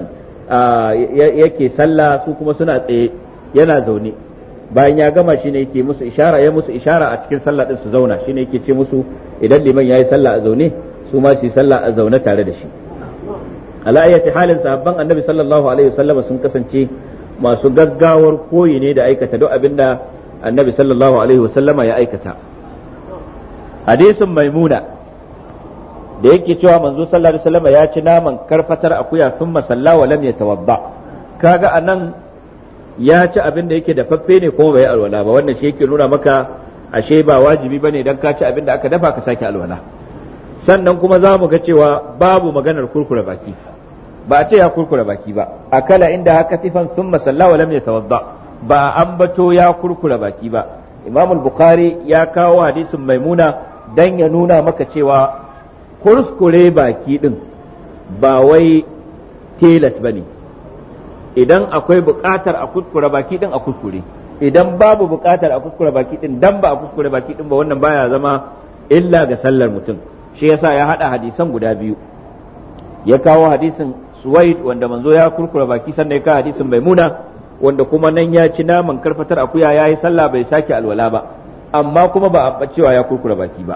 yake sallah su kuma suna tsaye yana zaune bayan ya gama shi ne yake musu ishara ya musu ishara a cikin sallah din su zauna shi ne yake ce musu idan liman ya yi sallah a zaune su ma su yi sallah a zaune tare da shi ala halin sahabban annabi sallallahu alaihi wasallam sun kasance masu gaggawar koyi ne da aikata duk da annabi sallallahu alaihi wasallama ya aikata hadisin maimuna da yake cewa manzo sallallahu alaihi wasallam ya ci naman karfatar akuya sun masalla wa lam yatawadda kaga anan ya ci abin da yake dafaffe ne kuma bai alwala ba wannan shi yake nuna maka ashe ba wajibi bane dan ka ci abin da aka dafa ka sake alwala sannan kuma za mu ga cewa babu maganar kurkura baki ba a ce ya kurkura baki ba akala inda haka tifan sun masalla wa lam yatawadda ba ambato ya kurkura baki ba Imamul bukhari ya kawo hadisin maimuna don ya nuna maka cewa kurskure baki ɗin ba wai tilas ba ne idan akwai buƙatar a kuskure baki ɗin a kuskure idan babu buƙatar a kuskure baki ɗin dan ba a kuskure baki ɗin ba wannan baya zama illa ga sallar mutum shi yasa ya haɗa hadisan guda biyu ya kawo hadisin suwaid wanda manzo ya kurkura baki sannan ya kawo hadisin maimuna wanda kuma nan ya ci naman karfatar akuya ya yi sallah bai sake alwala ba amma kuma ba a cewa ya kurkura baki ba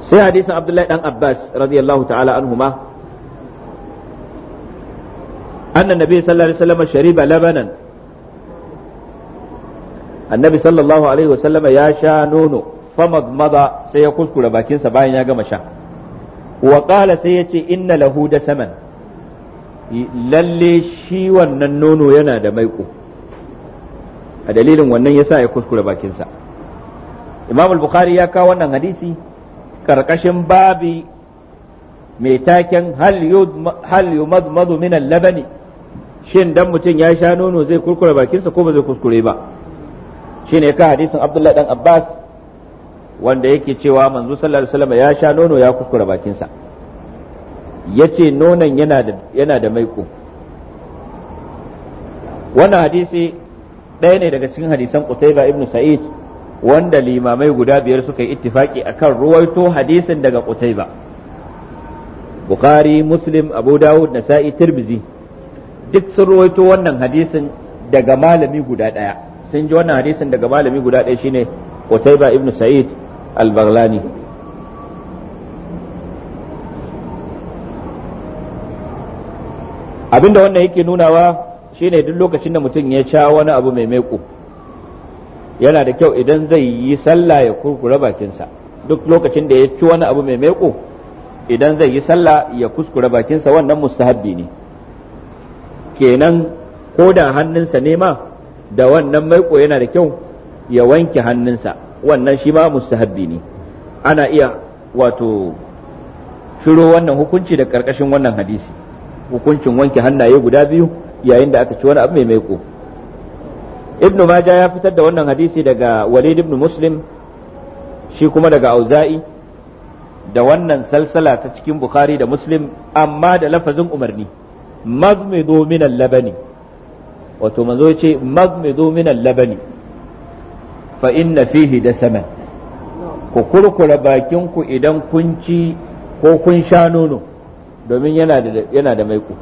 sai hadisin abdullahi dan abbas radiyallahu ta'ala anhuma anna nabi sallallahu alaihi wasallam shariba labanan annabi sallallahu alaihi wasallam ya sha nono famad mada sai ya kurkura bakinsa bayan ya gama sha wa qala sai yace inna lahu da saman lalle shi wannan nono yana da maiƙo. a dalilin wannan yasa ya kuskure bakinsa imam al-bukhari ya kawo wannan hadisi karkashin babi mai taken hal yumadmadu min al-labani shin dan mutum ya sha nono zai kuskure bakinsa ko ba zai kuskure ba ne ka hadisin abdullahi dan abbas wanda yake cewa manzo sallallahu alaihi wasallam ya sha nono ya kuskure bakinsa yace nonon yana da yana da maiko wannan hadisi ɗaya ne daga cikin hadisan Qutayba ibn Sa'id wanda limamai guda biyar suka yi ittifaki akan ruwaito hadisin daga Qutayba Bukhari Muslim Abu Dawud Nasa'i Tirmidhi duk sun ruwaito wannan hadisin daga malami guda ɗaya sun ji wannan hadisin daga malami guda ɗaya shine Qutayba ibn Sa'id al-Baghlani abinda wannan yake nunawa shine duk lokacin da mutum ya sha wani abu mai maiko yana da kyau idan zai yi sallah ya kurkura bakinsa duk lokacin da ya ci wani abu mai maiko idan zai yi sallah ya kuskura bakinsa wannan mustahabbi ne kenan ko da hannunsa ne ma da wannan maiko yana da kyau ya wanke hannunsa wannan shi ma mustahabbi ne ana iya wato shiro wannan hukunci da karkashin wannan hadisi hukuncin wanke hannaye guda biyu yayin da aka ci wani abu mai maiko ibnu maja ya fitar da wannan hadisi daga walid ibn muslim shi kuma daga auza'i da wannan salsala ta cikin bukhari da muslim amma da lafazin umarni magmido minan labani wato manzo ce magmido minan labani fa inna fihi da sama ku kurkura bakinku idan kun ci ko kun sha nono domin yana da maiko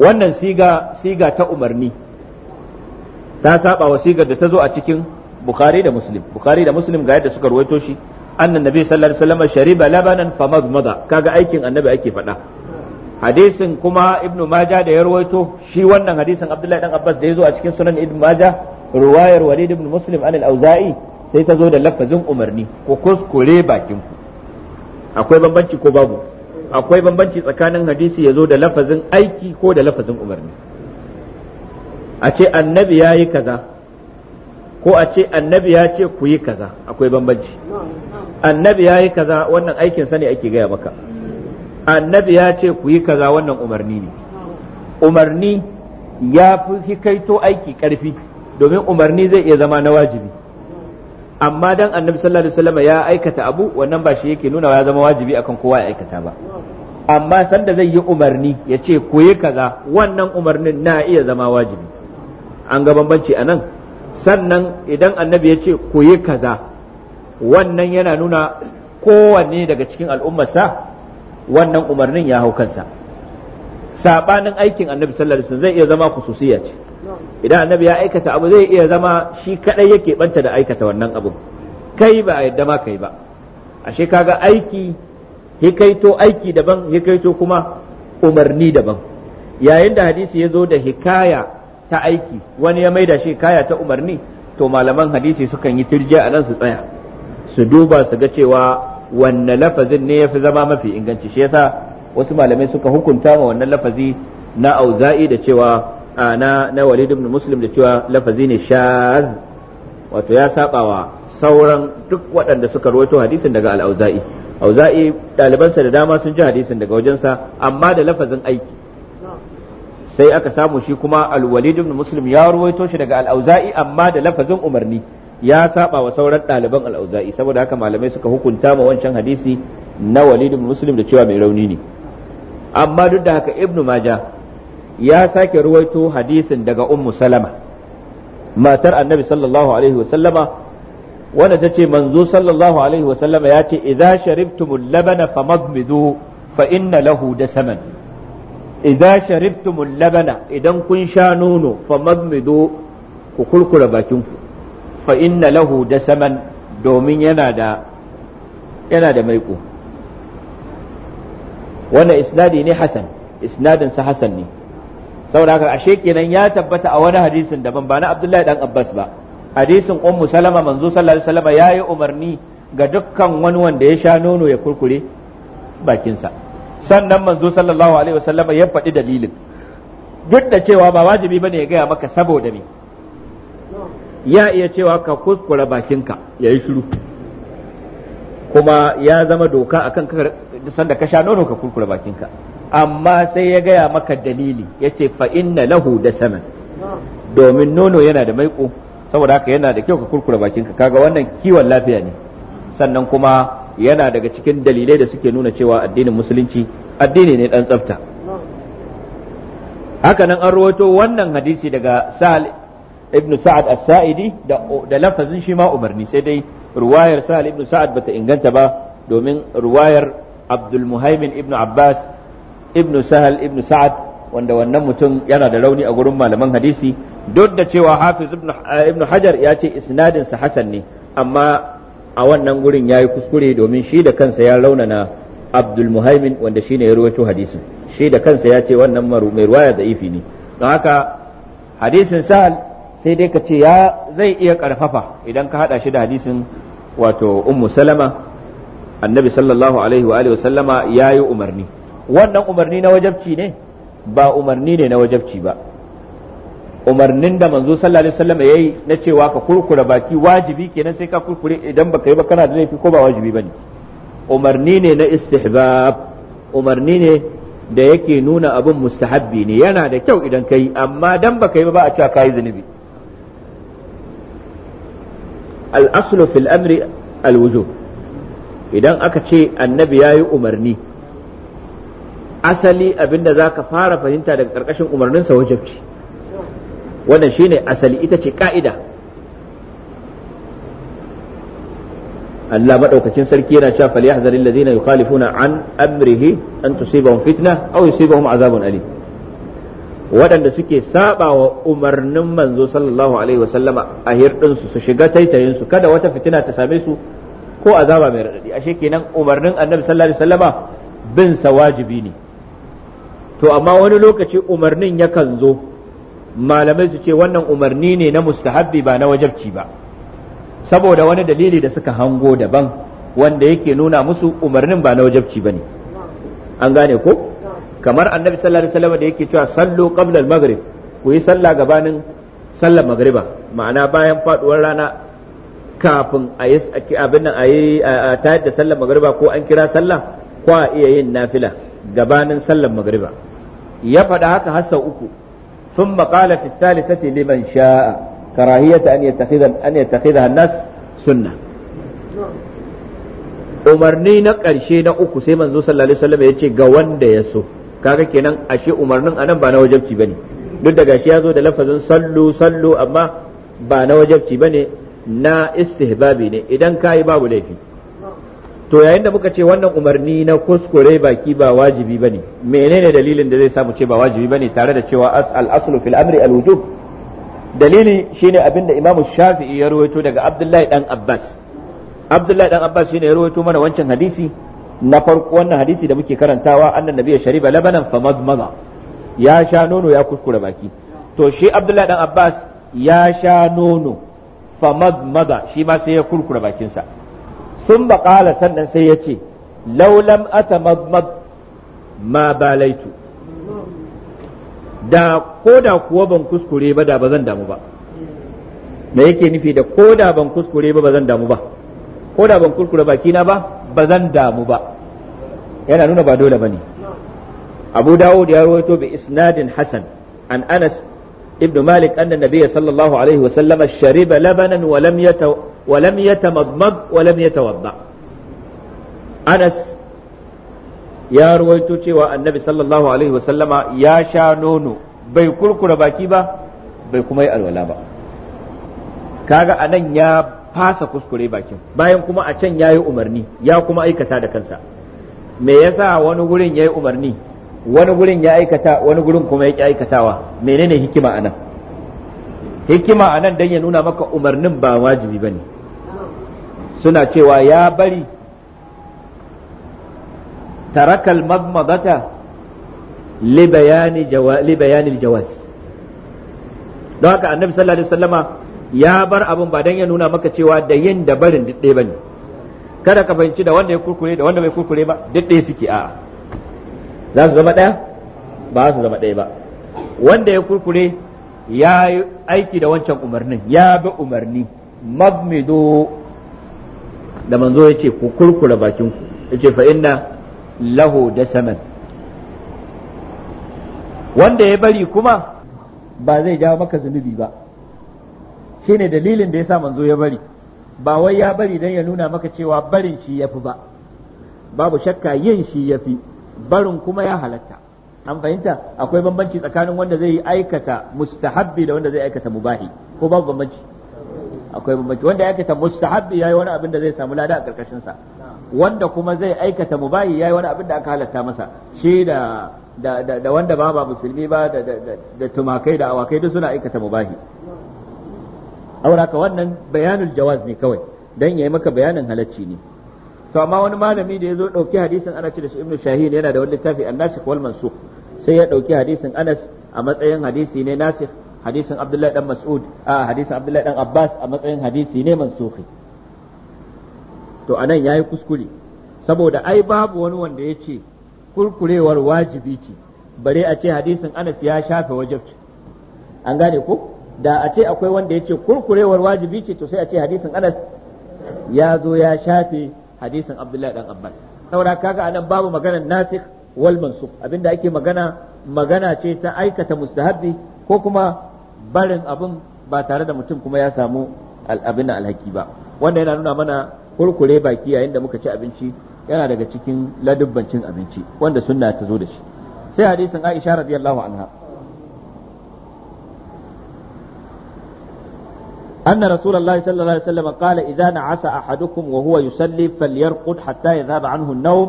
wannan siga siga ta umarni ta saba wa sigar da ta zo a cikin bukhari da muslim bukhari da muslim ga yadda suka ruwaito shi annan nabi sallallahu alaihi wasallam shariba labanan famadmada kaga aikin annabi ake faɗa hadisin kuma ibnu majah da ya ruwaito shi wannan hadisin abdullahi dan abbas da ya zo a cikin sunan ibnu majah ruwayar walid ibn muslim an al-auza'i sai ta zo da lafazin umarni ko kuskure bakin ku akwai bambanci ko babu akwai bambanci tsakanin hadisi ya zo da lafazin aiki ko da lafazin umarni a ce annabi ya yi kaza ko a ce annabi ya ce ku yi kaza akwai bambanci annabi ya yi kaza wannan aikin sa ne ake gaya maka annabi ya ce ku yi kaza wannan umarni ne umarni ya fi kaito aiki karfi domin umarni zai iya zama na wajibi amma dan annabi sallallahu alaihi wasallam ya aikata abu wannan ba shi yake nuna ya zama wajibi akan kowa ya aikata ba amma sanda zai yi umarni ya ce ku yi kaza wannan umarnin na iya zama wajibi an ga bambanci a nan sannan idan annabi ya ce ku yi kaza wannan yana nuna kowanne daga cikin al'ummarsa wannan umarnin ya hau kansa sabanin aikin annabi sallallahu alaihi zai iya zama khususiyya ce idan annabi ya aikata abu zai iya zama shi kadai yake banta da aikata wannan abu kai ba a yadda ma kai ba ashe kaga aiki hikaito aiki daban hikaito kuma umarni daban yayin da hadisi ya zo da hikaya ta aiki wani ya maida shi hikaya ta umarni to malaman hadisi sukan yi tirje a nan su tsaya su duba su ga cewa wanne lafazin ne ya fi zama mafi inganci shi yasa wasu malamai suka hukunta ma wannan lafazi na auza'i da cewa na na walid ibn muslim da cewa lafazi ne shaz wato ya wa sauran duk waɗanda suka rawaito hadisin daga al-auza'i auza'i ɗalibansa da dama sun ji hadisin daga wajensa amma da lafazin aiki sai aka samu shi kuma al-walid ya rawaito shi daga al amma da lafazin umarni ya saba wa sauran ɗaliban al saboda haka malamai suka hukunta ma wancan hadisi na walid ibn da cewa mai rauni ne amma duk da haka ibn maja ya sake ruwaito hadisin daga ummu salama matar annabi sallallahu alaihi wasallama wanda ta ce manzo sallallahu alaihi wasallama ya ce idza sharibtumul labana famadmidu fa inna lahu dasaman idza sharibtumul labana idan kun sha nono famadmidu ku kurkura bakinku fa inna lahu dasaman domin yana da yana da maiƙo wannan isnadi ne hasan isnadin sa hasan ne saboda haka ashe kenan ya tabbata a wani hadisin daban ba na Abdullahi dan Abbas ba hadisin ummu salama manzo sallallahu alaihi wasallam yayi umarni ga dukkan wani wanda ya sha nono ya kurkure bakinsa sannan manzo sallallahu alaihi wasallam ya faɗi dalilin duk da cewa ba wajibi bane ya gaya maka saboda me ya iya cewa ka kuskura bakinka yayi shiru kuma ya zama doka akan sanda ka sha nono ka kurkure bakinka amma sai ya gaya maka dalili ya ce fa'in na lahu da saman domin nono yana da maiƙo saboda haka yana da kyau ka kurkura bakinka kaga wannan kiwon lafiya ne sannan kuma yana daga cikin dalilai da suke nuna cewa addinin musulunci addini ne dan tsafta haka nan an rawaito wannan hadisi daga sa'al ibn sa'ad as-sa'idi da lafazin shi ma umarni sai dai ruwayar sa'al ibn sa'ad bata inganta ba domin ruwayar abdul muhaimin ibn abbas ibnu sahal ibnu sa'ad wanda wannan mutum yana da rauni a gurin malaman hadisi duk da cewa hafiz ibnu eh, hajar ya ce isnadin sa hasan ne amma a wannan gurin yayi kuskure domin shi da kansa ya raunana abdul muhaimin wanda ne ya rawaito hadisin shi da kansa ya ce wannan mai ruwaya da ifi ne don haka hadisin sahal sai dai ka ce ya zai iya karfafa idan ka hada shi da hadisin wato ummu salama annabi sallallahu alaihi wa alihi sallama yi umarni wannan umarni na wajabci ne ba umarni ne na wajabci ba umarnin da manzo sallallahu alaihi wasallam yayi na cewa ka kurkura baki wajibi kenan sai ka kurkure idan baka yi ba kana da laifi ko ba wajibi bane umarni ne na istihbab umarni ne da yake nuna abin mustahabbi ne yana da kyau idan kai amma dan baka yi ba a cewa kai zunubi al-aslu fil amri al-wujub idan aka ce annabi yayi umarni asali abinda za ka fara fahimta daga ƙarƙashin umarninsa wajabci wannan shine asali ita ce ka'ida Allah maɗaukakin sarki yana cewa falyahzaril ladina yukhalifuna an amrihi an tusibahum fitna aw yusibahum azabun alim waɗanda suke saba wa umarnin manzo sallallahu alaihi sallama a hirɗinsu su shiga taitayinsu kada wata fitina ta same su ko azaba mai raɗaɗi ashe kenan umarnin annabi sallallahu alaihi wasallama bin sa wajibi ne to amma wani lokaci umarnin yakan zo malamai su ce wannan umarni ne na mustahabbi ba na wajabci ba saboda wani dalili da suka hango daban wanda yake nuna musu umarnin ba na wajabci ba ne an gane ko kamar annabi sallallahu alaihi wasallam da yake cewa sallu qabla al-maghrib ku yi sallah gabanin sallar magriba ma'ana bayan faduwar rana kafin a yi abin nan a yi a tayar da sallar magriba ko an kira sallah ko a iya yin nafila gabanin sallar magriba ya faɗa haka har sau uku sun maƙala fi salisati liman sha'a karahiyata an yattakhidha an yattakhidha an-nas sunna umarni na ƙarshe na uku sai manzo sallallahu alaihi wasallam ya ce ga wanda ya so kaga kenan ashe umarnin anan ba na wajabci bane duk da gashi ya zo da lafazin sallu sallu amma ba na wajabci bane na istihbabi ne idan kayi babu laifi to yayin da muka ce wannan umarni na kuskure baki ba wajibi bane menene dalilin da zai samu ce ba wajibi bane tare da cewa al aslu fil amri al wujub dalili shine abinda imamu shafi'i ya rawaito daga abdullahi dan abbas abdullahi dan abbas shine ya rawaito mana wancan hadisi na farko wannan hadisi da muke karantawa annan Nabiya shariba labanan famadmada ya sha nono ya kuskure baki to shi abdullahi dan abbas ya sha nono famadmada shi ma sai ya kurkure bakinsa sun maƙala sannan sai ya ce laulam ata ma balaitu da ko da kuwa ban kuskure ba da ba zan damu ba me yake nufi da ko da ban kuskure ba ba zan damu ba ko da ban kuskure bakina ba ba zan damu ba yana nuna ba dole ba ne abu dawud ya rawaito bi isnadin hasan an anas ibnu malik anna nabiyya sallallahu alaihi wa sallama shariba labanan wa lam yata ولم يتمضمض ولم يتوضأ أنس ya ruwaito cewa annabi sallallahu alaihi wasallama ya sha nono bai kurkura baki ba bai kuma yi alwala ba kaga anan ya fasa kuskure bakin bayan kuma a can ya yi umarni ya kuma aikata da kansa me yasa wani gurin ya yi umarni wani gurin ya aikata wani gurin kuma ya ki aikatawa menene hikima anan hikima anan dan ya nuna maka umarnin ba wajibi bane suna cewa ya bari tarakal mabmadata li bayani jawaz don haka annabi sallallahu alaihi wasallama ya bar abun ba dan ya nuna maka cewa da yin da barin duk bane kada ka fahimci da wanda ya kurkure da wanda bai kurkure ba duk suke a'a za su zama ɗaya ba su zama ɗaya ba wanda ya kurkure ya yi aiki da wancan umarnin ya bi umarni mabmido da manzo ya ce ku kurkura bakin ku ya ce fa laho da saman. wanda ya bari kuma ba zai jawo maka zunubi ba shine dalilin da ya sa manzo ya bari ba wai ya bari don ya nuna maka cewa barin shi ya fi ba babu shakka yin shi ya fi barin kuma ya halatta an fahimta akwai bambanci tsakanin wanda zai aikata mustahabbi da wanda zai aikata mubahi ko babu bambanci akwai bambanci wanda ya aikata mustahabbi yayi wani abin da zai samu lada a karkashin sa wanda kuma zai aikata mubahi yayi wani abin da aka halatta masa shi da da wanda ba ba musulmi ba da da tumakai da awakai duk suna aikata mubahi aura ka wannan bayanul jawaz ne kawai dan yayi maka bayanin halacci ne to amma wani malami da yazo dauki hadisin ana ce da shi ibnu shahin yana da wani littafi an-nasikh wal mansukh sai ya dauki hadisin Anas a matsayin hadisi ne nasikh hadisin abdullahi dan mas'ud a hadisin abdullahi dan abbas a matsayin hadisi ne mansuhi to anan yayi kuskure saboda ai babu wani wanda ya ce kurkurewar wajibi ce bare a ce hadisin anas ya shafe wajibci an gane ko da a ce akwai wanda ya ce kurkurewar wajibi ce to sai a ce hadisin anas ya zo ya shafe hadisin abdullahi dan abbas saboda kaga anan babu maganar nasikh wal mansukh abinda ake magana magana ce ta aikata mustahabbi ko kuma barin abin ba tare da mutum kuma ya samu abin alhaki ba wanda yana nuna mana kurkure baki yayin da muka ci abinci yana daga cikin ladubban cin abinci wanda sunna ta zo da shi sai hadisin Aisha radiyallahu anha أن رسول الله صلى الله عليه وسلم قال إذا نعس أحدكم وهو يصلي فليرقد حتى يذهب عنه النوم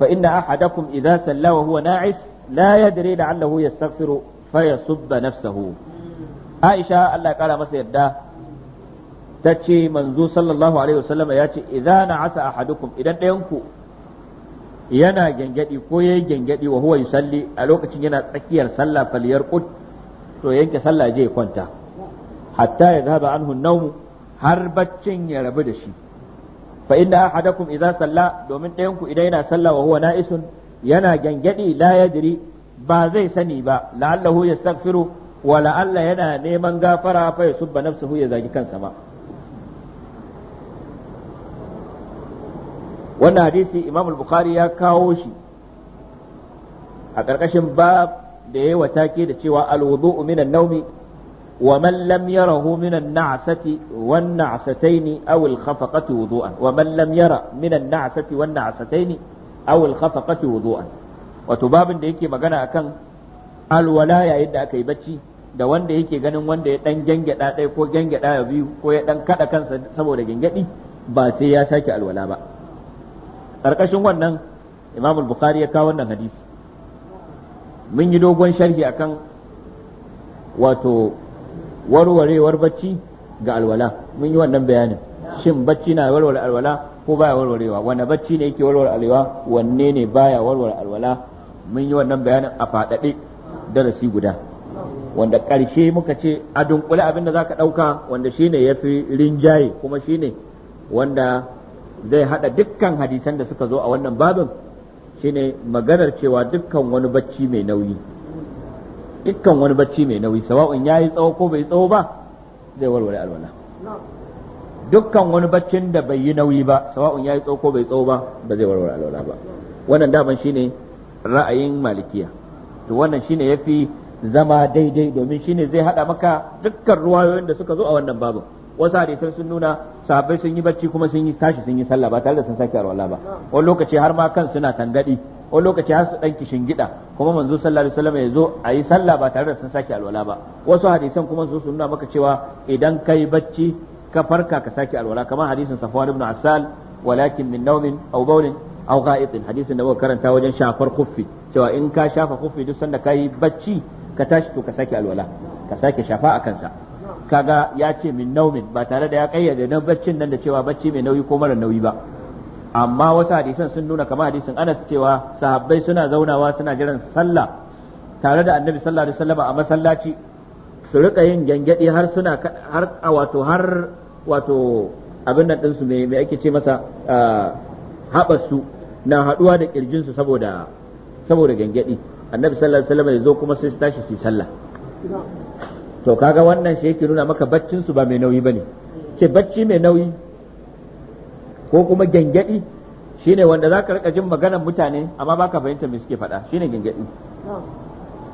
فإن أحدكم إذا سلى وهو ناعس لا يدري لعله يستغفر fayasubba nafsahu Aisha ala ya kara masa yadda ta ce manzo sallallahu alaihi wasallam ya ce idza na'asa ahadukum idan ɗayan yana gengedi ko yayi gengedi wa huwa yusalli a lokacin yana tsakiyar sallah faliyar qut to yanke sallah je kwanta hatta ya zaba anhu an har baccin ya rabu da shi fa inna ahadakum idza salla domin ɗayanku idan yana sallah wa huwa na'isun yana gengedi la yadri ba zai sani ba la'allahu yastaghfiru wa la'alla yana neman gafara fa yasubba nafsuhu ya zagi kansa ba wannan hadisi Imam al-Bukhari ya kawo shi a ƙarƙashin bab da ya watake da cewa al-wudu'u minan naumi ومن لم يره من النعسة والنعستين أو الخفقة وضوءا ومن لم ير من النعسة والنعستين أو الخفقة وضوءا wato babin da yake magana akan alwala yayin da aka yi bacci da wanda yake ganin wanda ya dan gyangyada ɗaya ko gyangyada biyu ko ya dan kada kansa saboda gyangyaɗi ba sai ya sake alwala ba ƙarƙashin wannan imam bukhari ya kawo wannan hadisi mun yi dogon sharhi akan wato warwarewar bacci ga alwala mun yi wannan bayanin shin bacci na warware alwala ko baya warwarewa wanne bacci ne yake warware alwala wanne ne baya warware alwala mun yi wannan bayanin a faɗaɗe darasi guda wanda ƙarshe muka ce a dunkule abin da za ka ɗauka wanda ne ya fi rinjaye kuma shi ne. wanda zai haɗa dukkan hadisan da suka zo a wannan babin shi ne maganar cewa dukkan wani bacci mai nauyi dukkan wani bacci mai nauyi sawa'un ya yi tsawo ko bai tsawo ba zai warware alwala dukkan wani baccin da bai yi nauyi ba sawa'un ya yi tsawo ko bai tsawo ba ba zai warware alwala ba wannan daman ne. ra'ayin malikiya to wannan shine yafi zama daidai domin shine zai hada maka dukkan ruwayoyin da suka zo a wannan babu wasu hadisan sun nuna sahabbai sun yi bacci kuma sun yi tashi sun yi sallah ba tare da sun sake alwala ba wani lokaci har ma kan suna tangadi wani lokaci har su danki shingida kuma manzo sallallahu alaihi wasallam ya zo a yi sallah ba tare da sun sake alwala ba wasu hadisan kuma sun nuna maka cewa idan kai bacci ka farka ka sake alwala kamar hadisin Safwan ibn Asal walakin min nawmin aw bawlin aw gha'itin hadisin da muka karanta wajen shafar kuffi cewa in ka shafa kuffi duk sanda kai bacci ka tashi to ka sake alwala ka sake shafa a kansa kaga ya ce min ba tare da ya kayyade na baccin nan da cewa bacci mai nauyi ko mara nauyi ba amma wasu hadisan sun nuna kamar hadisin Anas cewa sahabbai suna zaunawa suna jiran sallah tare da Annabi sallallahu alaihi wasallam a masallaci su rika yin gyangyaɗi har suna har wato har wato abin nan ɗinsu me ake ce masa ah, su na haɗuwa da ƙirjinsu saboda saboda gyangyaɗi annabi sallallahu alaihi wasallam ya zo kuma sai su tashi su sallah to kaga wannan shi yake nuna maka baccin su ba mai nauyi bane ce bacci mai nauyi ko kuma gyangyaɗi shine wanda zaka rika jin maganar mutane amma baka fahimta me suke faɗa shine gyangyaɗi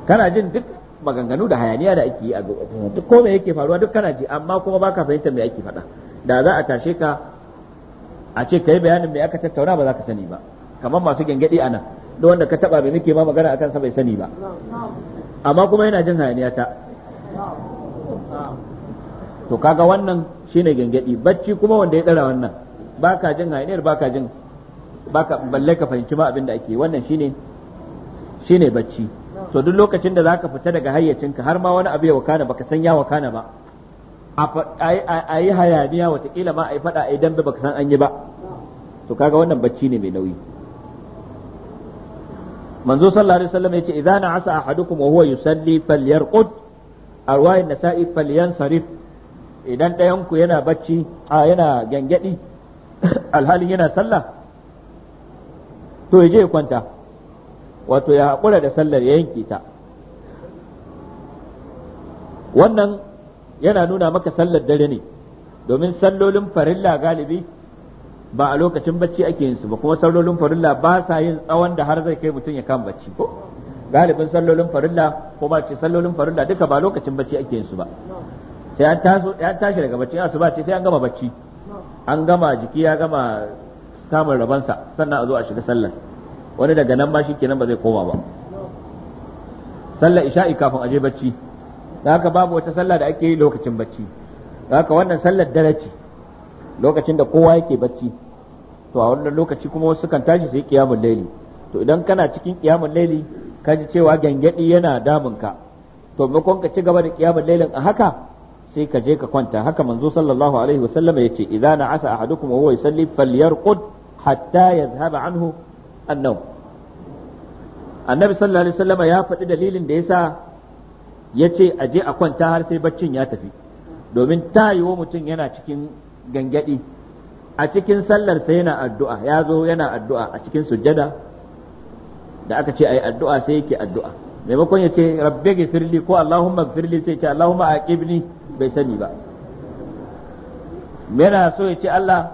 kana jin duk maganganu da hayaniya da ake yi a duk kome yake faruwa duk kana ji amma kuma baka fahimta me ake faɗa da za a tashe ka a ce kai bayanin me aka tattauna ba za ka sani ba kamar masu gyangyaɗi a nan duk wanda ka taba bai muke ma magana akan sa bai sani ba amma kuma yana jin hayaniya ta to kaga wannan shine gyangyaɗi bacci kuma wanda ya tsara wannan baka jin hayaniyar baka jin baka balle ka fahimci ma abin da ake wannan shine shine bacci to duk lokacin da zaka fita daga hayyacinka har ma wani abu ya wakana baka san ya wakana ba a yi hayaniya watakila ma a yi fada a yi dambe baka san an yi ba to kaga wannan bacci ne mai nauyi manzo sallallahu alaihi wasallam yace idza na'asa ahadukum wa huwa yusalli falyarqud arwayin nasa'i falyansarif idan dayan ku yana bacci a yana gangadi alhalin yana sallah to yaje ya kwanta wato ya hakura da sallar ya yanke ta wannan yana nuna maka sallar dare ne domin sallolin farilla galibi ba a lokacin bacci ake yin su ba kuma sallolin farilla ba sa yin tsawon da har zai kai mutum ya kan bacci galibin sallolin farilla ko ba ce sallolin farilla duka ba lokacin bacci ake yin su ba sai an taso an tashi daga bacci asuba ce sai an gama bacci an gama jiki ya gama samun rabansa sannan a zo a shiga sallar wani daga nan ma shi kenan ba zai koma ba sallar isha'i kafin aje bacci da haka babu wata sallah da ake yi lokacin bacci da haka wannan sallar dare ce lokacin da kowa yake bacci to a wannan lokaci kuma wasu kan tashi su yi kiyamun laili to idan kana cikin kiyamun laili ka ji cewa gyangyaɗi yana damun ka to makon ka ci gaba da kiyamun lailin a haka sai ka je ka kwanta haka manzo sallallahu alaihi wasallam ya ce idza asa ahadukum wa huwa yusalli falyarqud hatta yadhhab anhu annabi sallallahu alaihi wasallam ya faɗi dalilin da yasa ya ce a je a kwanta har sai baccin ya tafi domin ta yiwu mutum yana cikin gangadi a cikin sallar sallarsa yana addu'a ya zo yana addu'a a cikin sujjada da aka ce a yi addu'a sai yake addu'a maimakon ya ce Rabbe ga firli ko allahumma firli sai ce allahumma ƙibni bai sani ba yana so ya ce allah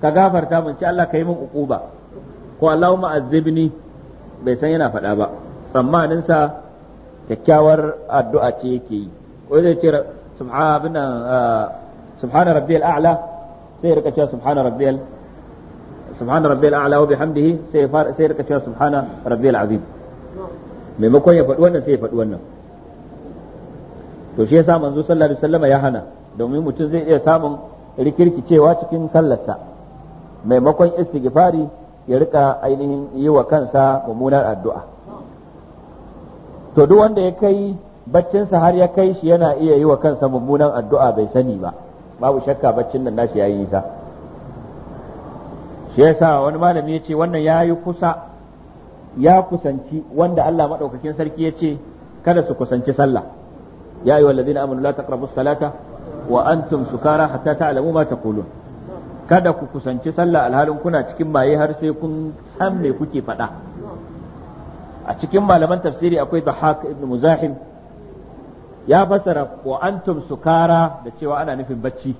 ka gafarta mun ce allah ka yi min ba ko allahumma azibni bai san yana faɗa ba tsammaninsa kyakkyawar addu'a ce yake yi ko zai ce ah, subhana rabbiyal a'la sai ya rika cewa subhana rabbiyal subhana rabbiyal a'la wa bihamdihi sai sai rika cewa subhana rabbiyal azim maimakon ya faɗi wannan sai ya faɗi wannan to shi yasa manzo sallallahu alaihi wasallam ya hana domin mutum zai iya samun rikirkicewa cikin sallarsa maimakon istighfari ya rika ainihin yi wa kansa mummunar addu'a to duk wanda ya kai baccinsa har ya kai shi yana iya yi wa kansa mummunan addu'a bai sani ba babu shakka baccin nan nashi yayi nisa shi yasa wani malami ya ce wannan ya yi kusa ya kusanci wanda Allah maɗaukakin sarki ya ce kada su kusanci sallah ya yi wallazina amanu la taqrabus salata wa antum sukara hatta ta'lamu ma taqulun kada ku kusanci sallah alhalin kuna cikin maye har sai kun san me kuke faɗa a cikin malaman tafsiri akwai Dhahak ibn Muzahim ya fassara wa antum sukara da cewa ana nufin bacci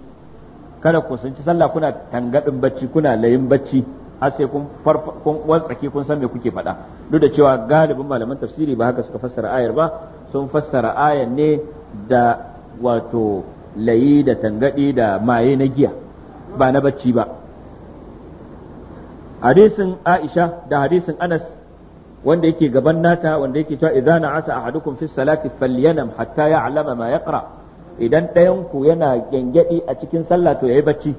kada ku sun sallah kuna tangadin bacci kuna layin bacci har sai kun kun wantsake kun san me kuke faɗa duk da cewa galibin malaman tafsiri ba haka suka fassara ayar ba sun fassara ayar ne da wato layi da tangadi da maye na giya ba na bacci ba hadisin Aisha da hadisin Anas wanda yake gaban nata wanda yake cewa idza asa ahadukum fi salati falyanam hatta ya'lama ma yaqra idan ɗayan ku yana gyangyaɗi a cikin sallah to yayi bacci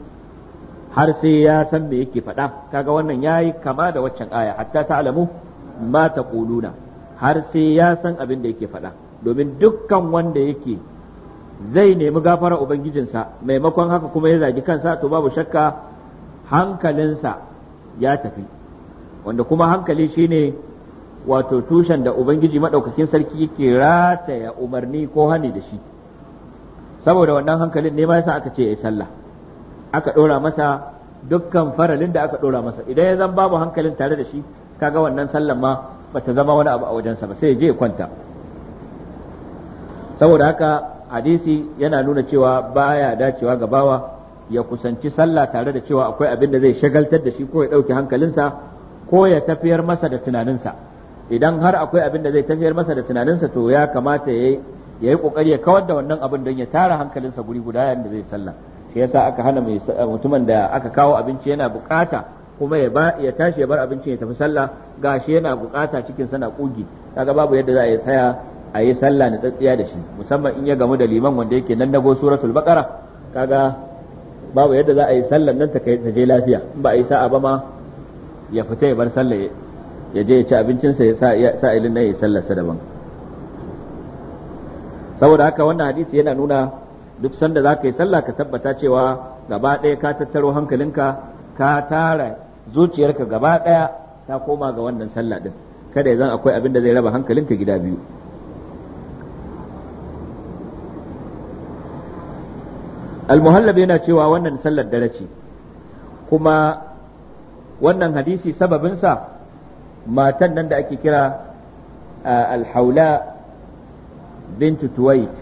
har sai ya san me yake faɗa kaga wannan yayi kama da waccan aya hatta ta alamu ma taquluna har sai ya san abin da yake faɗa domin dukkan wanda yake zai nemi gafara ubangijinsa maimakon haka kuma ya zagi kansa to babu shakka hankalinsa ya tafi wanda kuma hankali shine wato tushen da ubangiji madaukakin sarki yake rataya umarni ko hani da shi saboda wannan hankalin ne ma yasa aka ce ya sallah aka dora masa dukkan faralin da aka dora masa idan ya zan babu hankalin tare da shi kaga wannan sallar ma bata zama wani abu a wajensa ba sai ya je ya kwanta saboda haka hadisi yana nuna cewa baya dacewa ga bawa ya kusanci sallah tare da cewa akwai abin da zai shagaltar da shi ko ya ɗauki hankalinsa ko ya tafiyar masa da tunaninsa idan har akwai abin da zai tafiyar masa da tunaninsa to ya kamata ya yi kokari ya kawar da wannan abin don ya tara hankalinsa guri guda yayin da zai sallah shi yasa aka hana mutumin da aka kawo abinci yana bukata kuma ya ya tashi ya bar abincin ya tafi sallah gashi yana bukata cikin sana kugi kaga babu yadda za a yi tsaya a yi sallah na tsatsiya da shi musamman in ya gamu da liman wanda yake nan nago suratul baqara kaga babu yadda za a yi sallar nan ta kai ta je lafiya in ba a yi sa'a ba ma ya fita ya bar sallah ya je ya ci abincinsa ya sa ilin na ya sallarsa daban saboda haka wannan hadisi yana nuna duk sanda za ka yi sallah ka tabbata cewa gaba ɗaya ka tattaro hankalinka ka tara zuciyarka gaba ɗaya ta koma ga wannan sallah ɗin kada ya zan akwai abin da zai raba hankalinka gida biyu almuhallab yana cewa wannan sallar dare ce kuma wannan hadisi sababinsa matan nan da ake kira alhaula bintu tuwait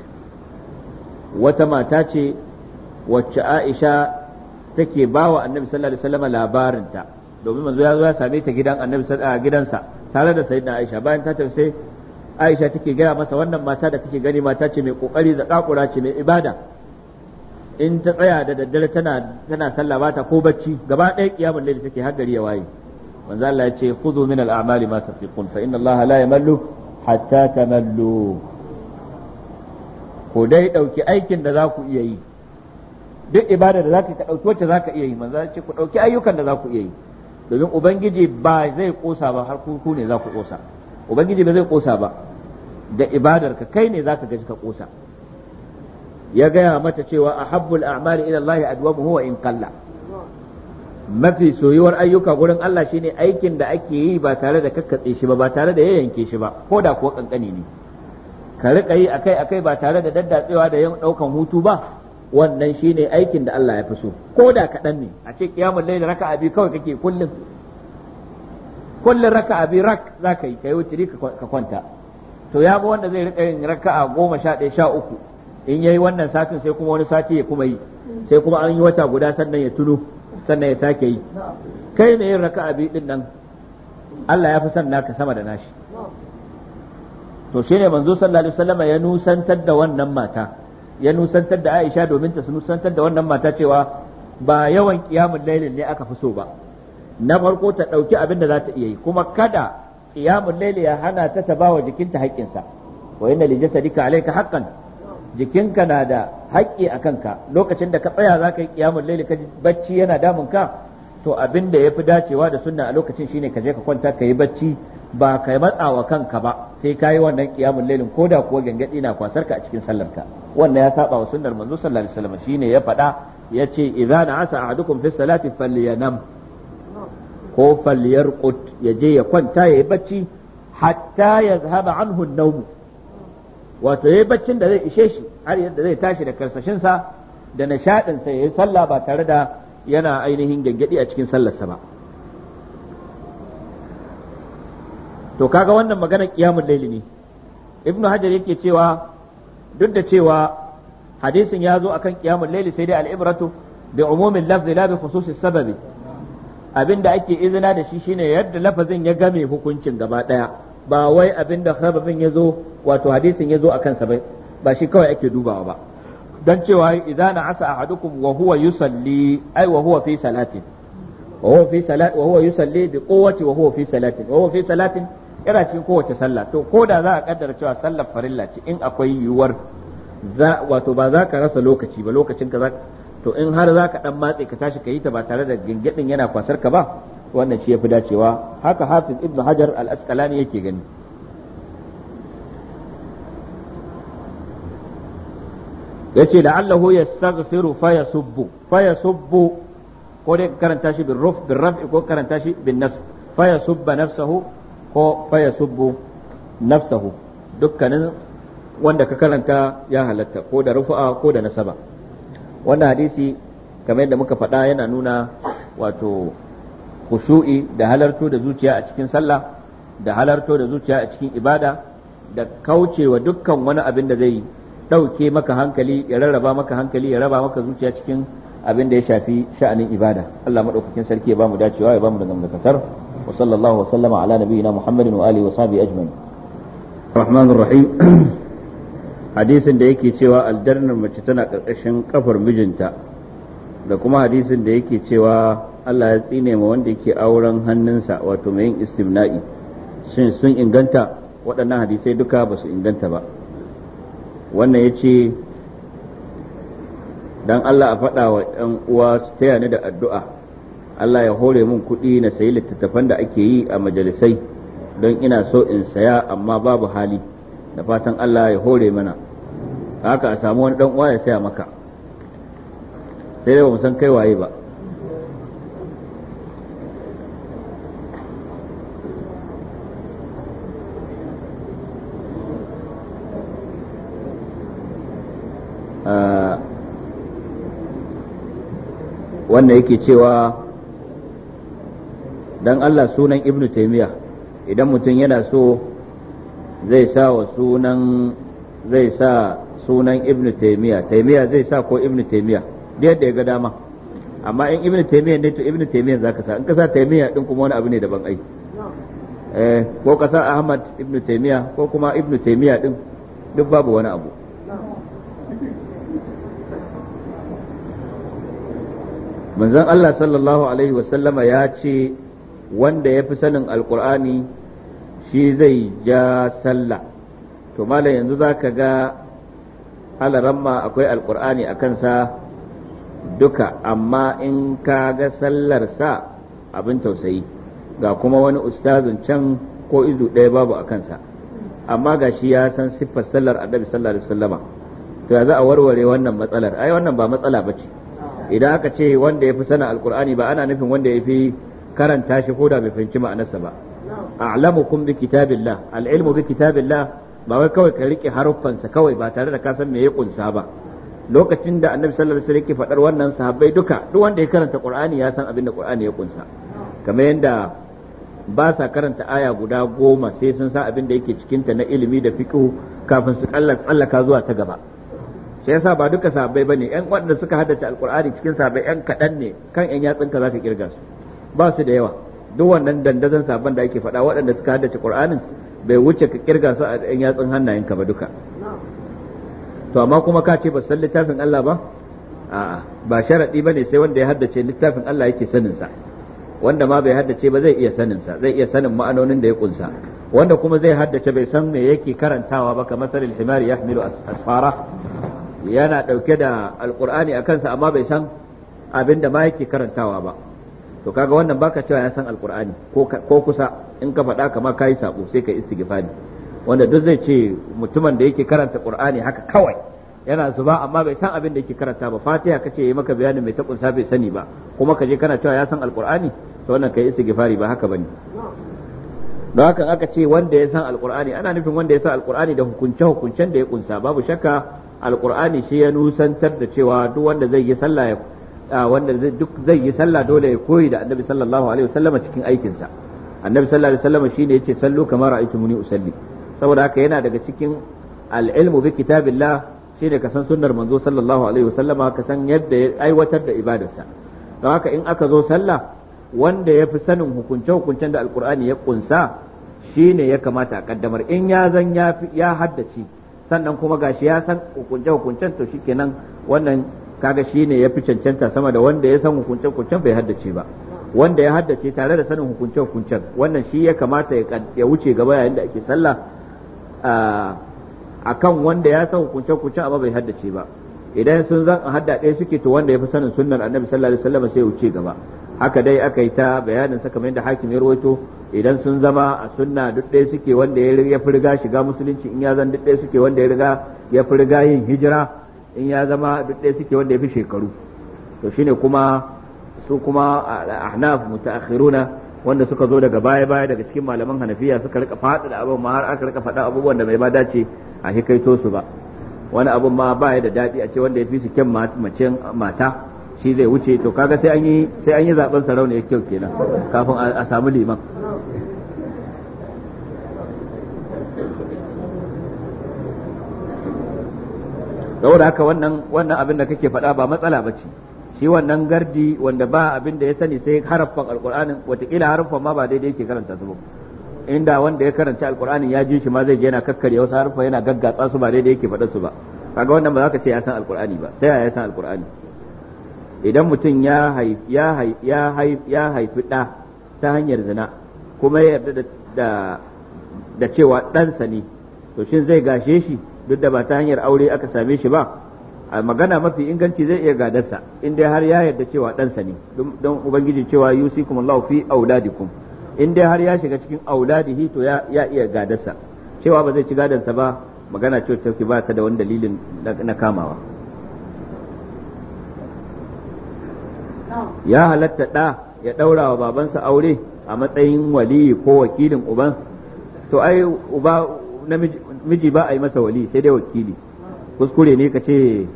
wata mata ce wacce aisha take ba wa annabi sallallahu alaihi wasallam labarinta domin manzo ya zo ya same ta gidan annabi gidansa tare da sayyidina aisha bayan ta tafi aisha take gaya masa wannan mata da kake gani mata ce mai kokari zakakura ce mai ibada in ta tsaya da daddare tana tana sallah bata ko bacci gaba ɗaya kiyamul laili take har gari ya waye manzo Allah ya ce khudhu min al-a'mali ma tafiqun fa inna Allah la yamallu hatta tamallu ko dai dauki aikin da za ku iya yi duk ibada da za ka yi ka dauki wacce ka iya yi manzo ya ce ku dauki ayyukan da za ku iya yi domin ubangiji ba zai kosa ba har ku ne za ku kosa ubangiji ba zai kosa ba da ibadar ka kai ne za ka gaji ka kosa ya gaya mata cewa ahabbul a'mali ila Allah adwamuhu wa in qalla mafi soyuwar ayyuka gurin Allah shine aikin da ake yi ba tare da kakkatse shi ba ba tare da yayyanke shi ba ko da kuwa kankani ne ka rika yi akai akai ba tare da daddatsewa da yin daukan hutu ba wannan shine aikin da Allah ya fi so ko da kaɗan ne a ce kiyamul layl raka'a bi kawai kake kullum kullum raka'a bi rak zaka yi kai wuturi ka kwanta to ya ba wanda zai rika yin raka'a goma sha ɗaya sha uku in yayi wannan satin sai kuma wani sati ya kuma yi sai kuma an yi wata guda sannan ya tuno sannan ya sake yi kai mai yin raka biyu din nan Allah ya fi son naka sama da nashi to shine manzo sallallahu alaihi wasallam ya nusantar da wannan mata ya nusantar da Aisha domin ta nusantar da wannan mata cewa ba yawan kiyamun lailin ne aka fi so ba na farko ta ɗauki abin da za ta iya yi kuma kada kiyamun laili ya hana ta ta bawa jikinta haƙƙinsa wa inna lijasadika alayka haqqan jikinka na da haƙƙi a kanka lokacin da ka tsaya za ka yi ƙiyamun laili ka bacci yana damun ka to abin da ya fi dacewa da sunna a lokacin shine ka je ka kwanta ka yi bacci ba ka matsa wa kanka ba sai ka yi wannan ƙiyamun lailin ko da kuwa gangaɗi na kwasar ka a cikin sallar ka wannan ya saba wa sunnar manzo sallallahu alaihi wasallam shine ya faɗa ya ce idza na'asa ahadukum fi salati falyanam ko falyarqut ya je ya kwanta ya yi bacci hatta yazhaba anhu an-nawm wato ya yi baccin da zai ishe shi har yadda zai tashi da karsashin sa da nishadin sa yayi sallah ba tare da yana ainihin gangadi a cikin sallarsa ba to kaga wannan maganar qiyamul laili ne ibnu hajar yake cewa duk da cewa hadisin ya zo akan qiyamul laili sai dai al-ibratu bi umumin lafzi la bi khususis sababi abinda ake izina da shi shine yadda lafazin ya game hukuncin gaba daya ba wai abin da sababin ya zo wato hadisin ya zo a kansa ba ba shi kawai ake dubawa ba Don cewa idan na asa hadukun wa huwa yusalli ai wa huwa fi salatin wa huwa fi salat wa huwa yusalli bi quwwati wa huwa fi salatin wa huwa fi salatin yana cikin kowace sallah to ko da za a kaddara cewa sallar farilla ce in akwai yiwuwar za wato ba za ka rasa lokaci ba lokacin ka za to in har za ka dan matse ka tashi ka yi ta ba tare da gingidin yana kwasar ka ba wannan shi ya fi dacewa haka hafiz Ibn hajar al-asqalani yake gani yace la'allahu yastaghfiru fa yasubbu fa yasubbu ko dai karanta shi bin ruf bin raf'i ko karanta shi bin nasb fa yasubba nafsahu ko fa yasubbu nafsahu dukkanin wanda ka karanta ya halatta ko da rufa ko da nasaba wannan hadisi kamar yadda muka faɗa yana nuna wato khushu'i da halarto da zuciya a cikin sallah da halarto da zuciya a cikin ibada da kaucewa dukkan wani abin da zai ɗauke maka hankali ya rarraba maka hankali ya raba maka zuciya cikin abin da ya shafi sha'anin ibada Allah madaukakin sarki ya bamu dacewa ya bamu da gamdakatar wa sallallahu wa sallama ala nabiyyina Muhammadin wa alihi wa sahbihi ajma'in Rahmanur Rahim hadisin da yake cewa aldarnar mace tana karkashin kafar mijinta da kuma hadisin da yake cewa Allah ya tsine ma wanda yake auren hannunsa wato mai yin istimna'i shin sun inganta waɗannan hadisai duka ba su inganta ba wannan ya ce don Allah a faɗa wa ɗan uwa su taya ni da addu'a Allah ya hore mun kuɗi na sayi littattafan da ake yi a majalisai don ina so in saya amma babu hali da fatan Allah ya hore mana haka a samu wani ɗan uwa ya saya maka sai dai ba mu san kai waye ba wannan yake cewa dan Allah sunan ibnu taimiya idan mutum yana so zai sa wa sunan zai sa sunan ibnu taimiya taimiya zai sa ko ibnu taimiya da yadda ya ga dama amma in ibnu taimiya ne to ibnu taimiya zaka sa in ka sa taimiya din kuma wani abu ne daban ai eh ko ka sa ahmad ibnu taimiya ko kuma ibnu taimiya din duk babu wani abu manzon Allah sallallahu alaihi wasallama ya ce wanda ya fi sanin alkur'ani shi zai ja sallah to malam yanzu za ka ga alaramma akwai alkur'ani a kansa duka amma in ka ga sallar sa abin tausayi ga kuma wani ustazin can ko izu ɗaya babu a kansa amma ga shi ya san siffar sallar annabi sallallahu alaihi wasallama to ya za a warware wannan matsalar ai wannan ba matsala ba ce idan aka ce wanda ya fi sana alkur'ani ba ana nufin wanda ya fi karanta shi ko da bai fahimci ma'anarsa ba a'lamukum bi kitabillah al-ilmu bi kitabillah ba wai kawai ka rike haruffansa kawai ba tare da ka san me ya kunsa ba lokacin da annabi sallallahu alaihi wasallam yake fadar wannan sahabbai duka duk wanda ya karanta qur'ani ya san abin da qur'ani ya kunsa kamar yadda ba sa karanta aya guda goma sai sun san abin da yake cikinta na ilimi da fiqh kafin su tsallaka zuwa ta gaba shi yasa ba duka sahabbai bane yan waɗanda suka haddace alqur'ani cikin sahabbai yan kaɗan ne kan yan yatsun ka zaka kirga su ba su da yawa duk wannan dandazon sahabban da ake faɗa waɗanda suka haddace qur'anin bai wuce ka kirga su a yan yatsun hannayen ka ba duka to amma kuma ka ce ba san littafin Allah ba a'a ba sharadi bane sai wanda ya haddace littafin Allah yake sanin sa wanda ma bai haddace ba zai iya sanin sa zai iya sanin ma'anonin da ya kunsa wanda kuma zai haddace bai san me yake karantawa ba kamar sarin himari yahmilu asfara yana ɗauke da alkur'ani a kansa amma bai san abin da ma yake karantawa ba to kaga wannan baka cewa ya san Alƙur'ani ko kusa in ka faɗa kama ka yi sabo sai ka istighfari wanda duk zai ce mutumin da yake karanta ƙur'ani haka kawai yana zuba amma bai san abin da yake karanta ba fatiha kace yi maka bayani mai ta kunsa bai sani ba kuma ka je kana cewa ya san alkur'ani to wannan kai istighfari ba haka bane don haka aka ce wanda ya san Alƙur'ani ana nufin wanda ya san Alƙur'ani da hukunce hukuncen da ya kunsa babu shakka alkur'ani shi ya nusantar da cewa duk wanda zai yi sallah ya wanda duk zai yi sallah dole ya koyi da annabi sallallahu alaihi wasallama cikin aikinsa annabi sallallahu alaihi wasallama shine yace sallu kamar ra'aytumuni usalli saboda haka yana daga cikin al'ilmu bi kitabillah shine ka san sunnar manzo sallallahu alaihi wasallama ka san yadda ya aiwatar da ibadarsa don haka in aka zo sallah wanda ya fi sanin hukunce hukuncen da alkur'ani ya kunsa shine ya kamata a kaddamar in ya zan ya haddace sannan kuma ga shi ya san hukunce hukuncen to shikenan wannan kaga shi ne ya fi cancanta sama da wanda ya san hukunce hukuncen bai haddace ba wanda ya haddace tare da sanin hukunce hukuncen wannan shi ya kamata ya wuce gaba yayin da ake sallah a kan wanda ya san hukunce hukuncen amma bai haddace ba idan sun zan hadda ɗaya suke to wanda ya fi sanin sunnar annabi sallallahu alaihi wasallam sai ya wuce gaba haka dai aka yi ta bayanin sa kamar yadda hakim ya rawaito idan sun zama a sunna duk ɗaya suke wanda ya fi riga shiga musulunci in ya zan duk ɗaya suke wanda ya riga ya fi riga yin hijira in ya zama duk ɗaya suke wanda ya fi shekaru to shine kuma su kuma ahnaf mutaakhiruna wanda suka zo daga baya baya daga cikin malaman hanafiya suka rika faɗi da abin ma har aka rika faɗa abubuwan da bai ba dace a hikaito su ba wani abun ma baya da daɗi a ce wanda ya fi su kyan mace mata shi zai wuce to kaga sai an yi sai an yi zaben sarauniya kyau kenan kafin a samu liman saboda haka wannan wannan abin da kake faɗa ba matsala ba ce shi wannan gardi wanda ba abin da ya sani sai haraffan alkur'anin watakila haraffan ma ba daidai yake karanta su ba inda wanda ya karanta alkur'anin ya ji shi ma zai je yana kakkarya wasu harfa yana gaggatsa su ba daidai yake faɗa su ba kaga wannan ba za ka ce ya san alkur'ani ba ta yaya ya san alkur'ani idan mutum ya haifi ɗa ta hanyar zina kuma ya yarda da cewa ɗansa ne to shin zai gashe shi duk da ba ta hanyar aure aka same shi ba a magana mafi inganci zai iya gadarsa in dai har ya yarda cewa ɗansa ne don ubangiji cewa yusi kuma laufi auladikum in dai har ya shiga cikin auladihi to ya iya gadarsa cewa ba zai ci gadansa ba magana cewa tafi ba ta da wani dalilin na kamawa ya halatta ɗa ya ɗaura wa babansa aure a matsayin waliyi ko wakilin uban to ai uba namiji ba a yi masa wali sai dai wakili kuskure ne ka ce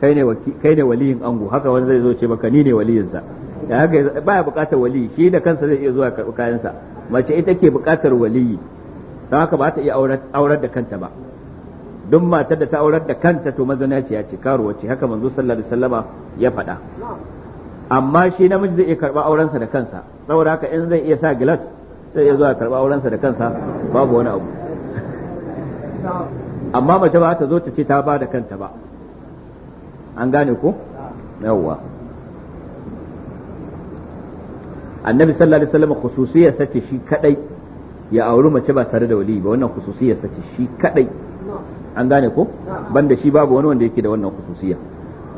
kai ne waliyin ango haka wani zai zo ce maka ni ne waliyinsa da haka baya bukatar wali shi da kansa zai iya zuwa karɓi kayansa mace ita ke bukatar waliyi don haka ba ta iya aurar da kanta ba duk matar da ta aurar da kanta to mazanaciya ce karuwa ce haka manzo sallallahu alaihi wasallama ya faɗa amma shi namiji zai iya karba aurensa da kansa saboda haka in zai iya sa gilas zai iya zuwa karba aurensa da kansa babu wani abu amma mace ba ta zo ta ce ta ba da kanta ba an gane ko yawwa annabi sallallahu alaihi wasallam khususiyar sace shi kadai ya auri mace ba tare da wali ba wannan khususiyar sace shi kadai an gane ko banda shi babu wani wanda yake da wannan khususiya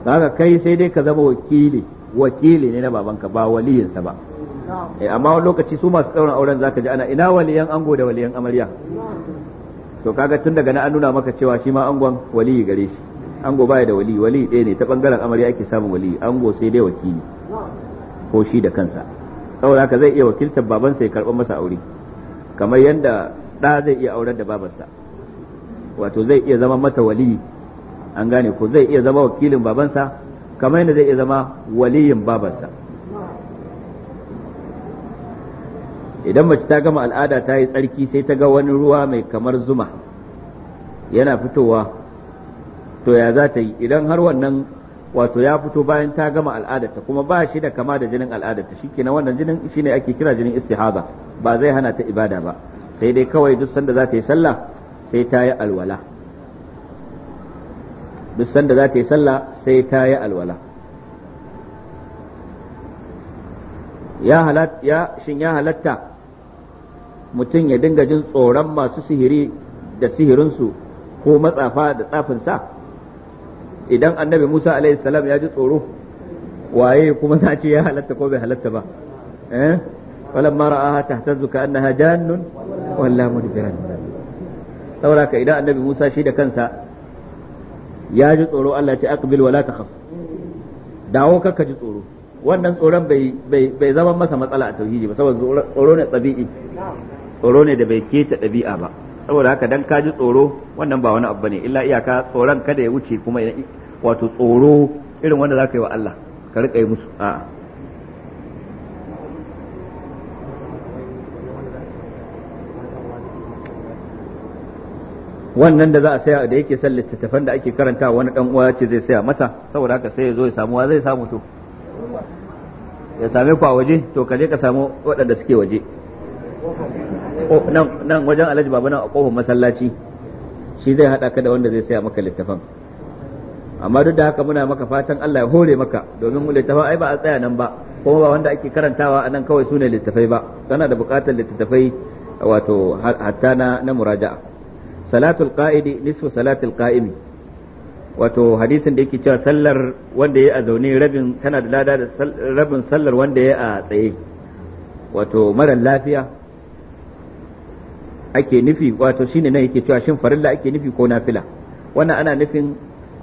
haka kai sai dai ka zama wakili wakili ne na babanka ba waliyinsa ba eh, amma wani lokaci su masu ɗaurin auren zaka ji ana ina waliyan ango da waliyan amarya to kaga tun daga na an nuna maka cewa shi ma angon waliyi gare shi ango baya da wali wali ɗaya ne ta bangaren amarya ake samun wali ango sai dai wakili ko shi da kansa saboda haka zai iya wakiltar babansa ya karɓar masa aure kamar yadda ɗa zai iya aurar da babarsa wato zai iya zama mata wali an gane ko zai iya zama wakilin babansa kamar yadda zai iya zama waliyin babarsa idan mace ta gama al'ada ta yi tsarki sai ta ga wani ruwa mai kamar zuma yana fitowa to ya za ta yi idan har wannan wato ya fito bayan ta gama al'adarta kuma ba shi da kama da jinin al'adarta na wannan jinin Shi ne ake kira jinin istihaba ba zai hana ta ibada ba sai dai kawai duk sanda za ta yi sallah sai ta yi alwala duk sanda za ta yi sallah sai ta yi alwala ya ya shin ya halatta mutum ya dinga jin tsoron masu sihiri da sihirinsu ko matsafa da tsafinsa idan annabi musa alaihi salam ya ji tsoro waye kuma za ce ya halatta ko bai halatta ba eh falamma ra'aha tahtazzu ka annaha jannun walla mudbiran saboda idan annabi musa shi da kansa ya ji tsoro Allah ya ce aqbil wala takhaf dawo kakka ji tsoro wannan tsoron bai zama masa matsala a tauhidi ba saboda tsoro ne tsabi'i tsoro ne da bai keta ɗabi'a ba saboda haka dan ka ji tsoro wannan ba wani abu ne illa iyaka tsoron kada ya wuce kuma wato tsoro irin wanda za yi wa Allah ka rika yi musu a'a wannan da za a saya da yake son littattafan da ake karanta wani dan uwa ce zai saya masa saboda haka sai ya zo ya samu wa zai samu to ya same ku a waje to kaje ka samu waɗanda suke waje nan wajen alhaji baba nan a kofar masallaci shi zai haɗa ka da wanda zai saya maka littafan amma duk da haka muna maka fatan Allah ya hore maka domin mu littafan ai ba a tsaya nan ba kuma ba wanda ake karantawa a nan kawai sune littafai ba kana da buƙatar littattafai wato hatta na muraja'a salatul qa'idi nisfu salatul qa'imi wato hadisin da yake cewa sallar wanda ya a zaune rabin tana da lada da rabin sallar wanda ya a tsaye wato mara lafiya ake nufi wato shine nan yake cewa shin farilla ake nufi ko nafila wannan ana nufin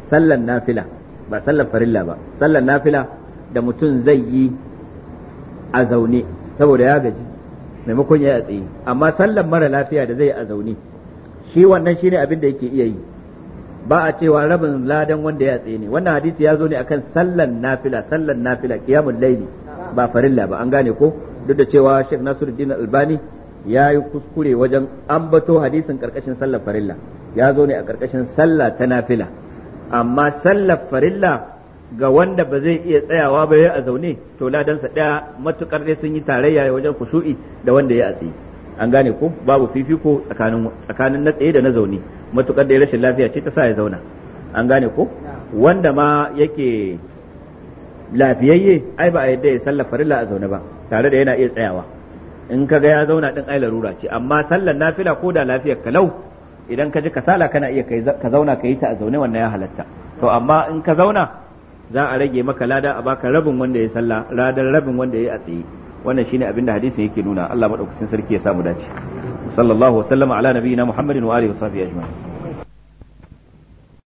sallar nafila ba sallar farilla ba sallar nafila da mutum zai yi a zaune saboda ya gaji maimakon ya a tsaye amma sallar mara lafiya da zai a zaune shi wannan shine abin da yake iya yi ba a cewa rabin ladan wanda ya tsene wannan hadisi ya zo ne akan sallan nafila sallan nafila qiyamul layli ba farilla ba an gane ko duk da cewa Sheikh Nasiruddin Albani ya yi kuskure wajen ambato hadisin karkashin sallar farilla ya zo ne a karkashin sallah ta nafila amma sallar farilla ga wanda ba zai iya tsayawa ba ya a zaune to ladansa ɗaya matukar dai sun yi tarayya wajen kusu'i da wanda ya a tsaye an gane ko babu fifiko tsakanin tsakanin na tsaye da na zaune matukar da ya rashin lafiya ce ta sa ya zauna an gane ko wanda ma yake lafiyayye ai ba a yadda ya sallar farilla a zaune ba tare da yana iya tsayawa in ka ga ya zauna din ai larura ce amma sallar nafila ko da lafiyar kalau idan ka ji kasala kana iya ka zauna ka yi ta a zaune wannan ya halatta to amma in ka zauna za a rage maka lada a baka rabin wanda ya sallah ladan rabin wanda ya yi a tsaye wannan shine abinda hadisin yake nuna Allah madaukakin sarki ya samu dace sallallahu wasallama ala nabiyina muhammadin wa alihi wa sahbihi ajma'in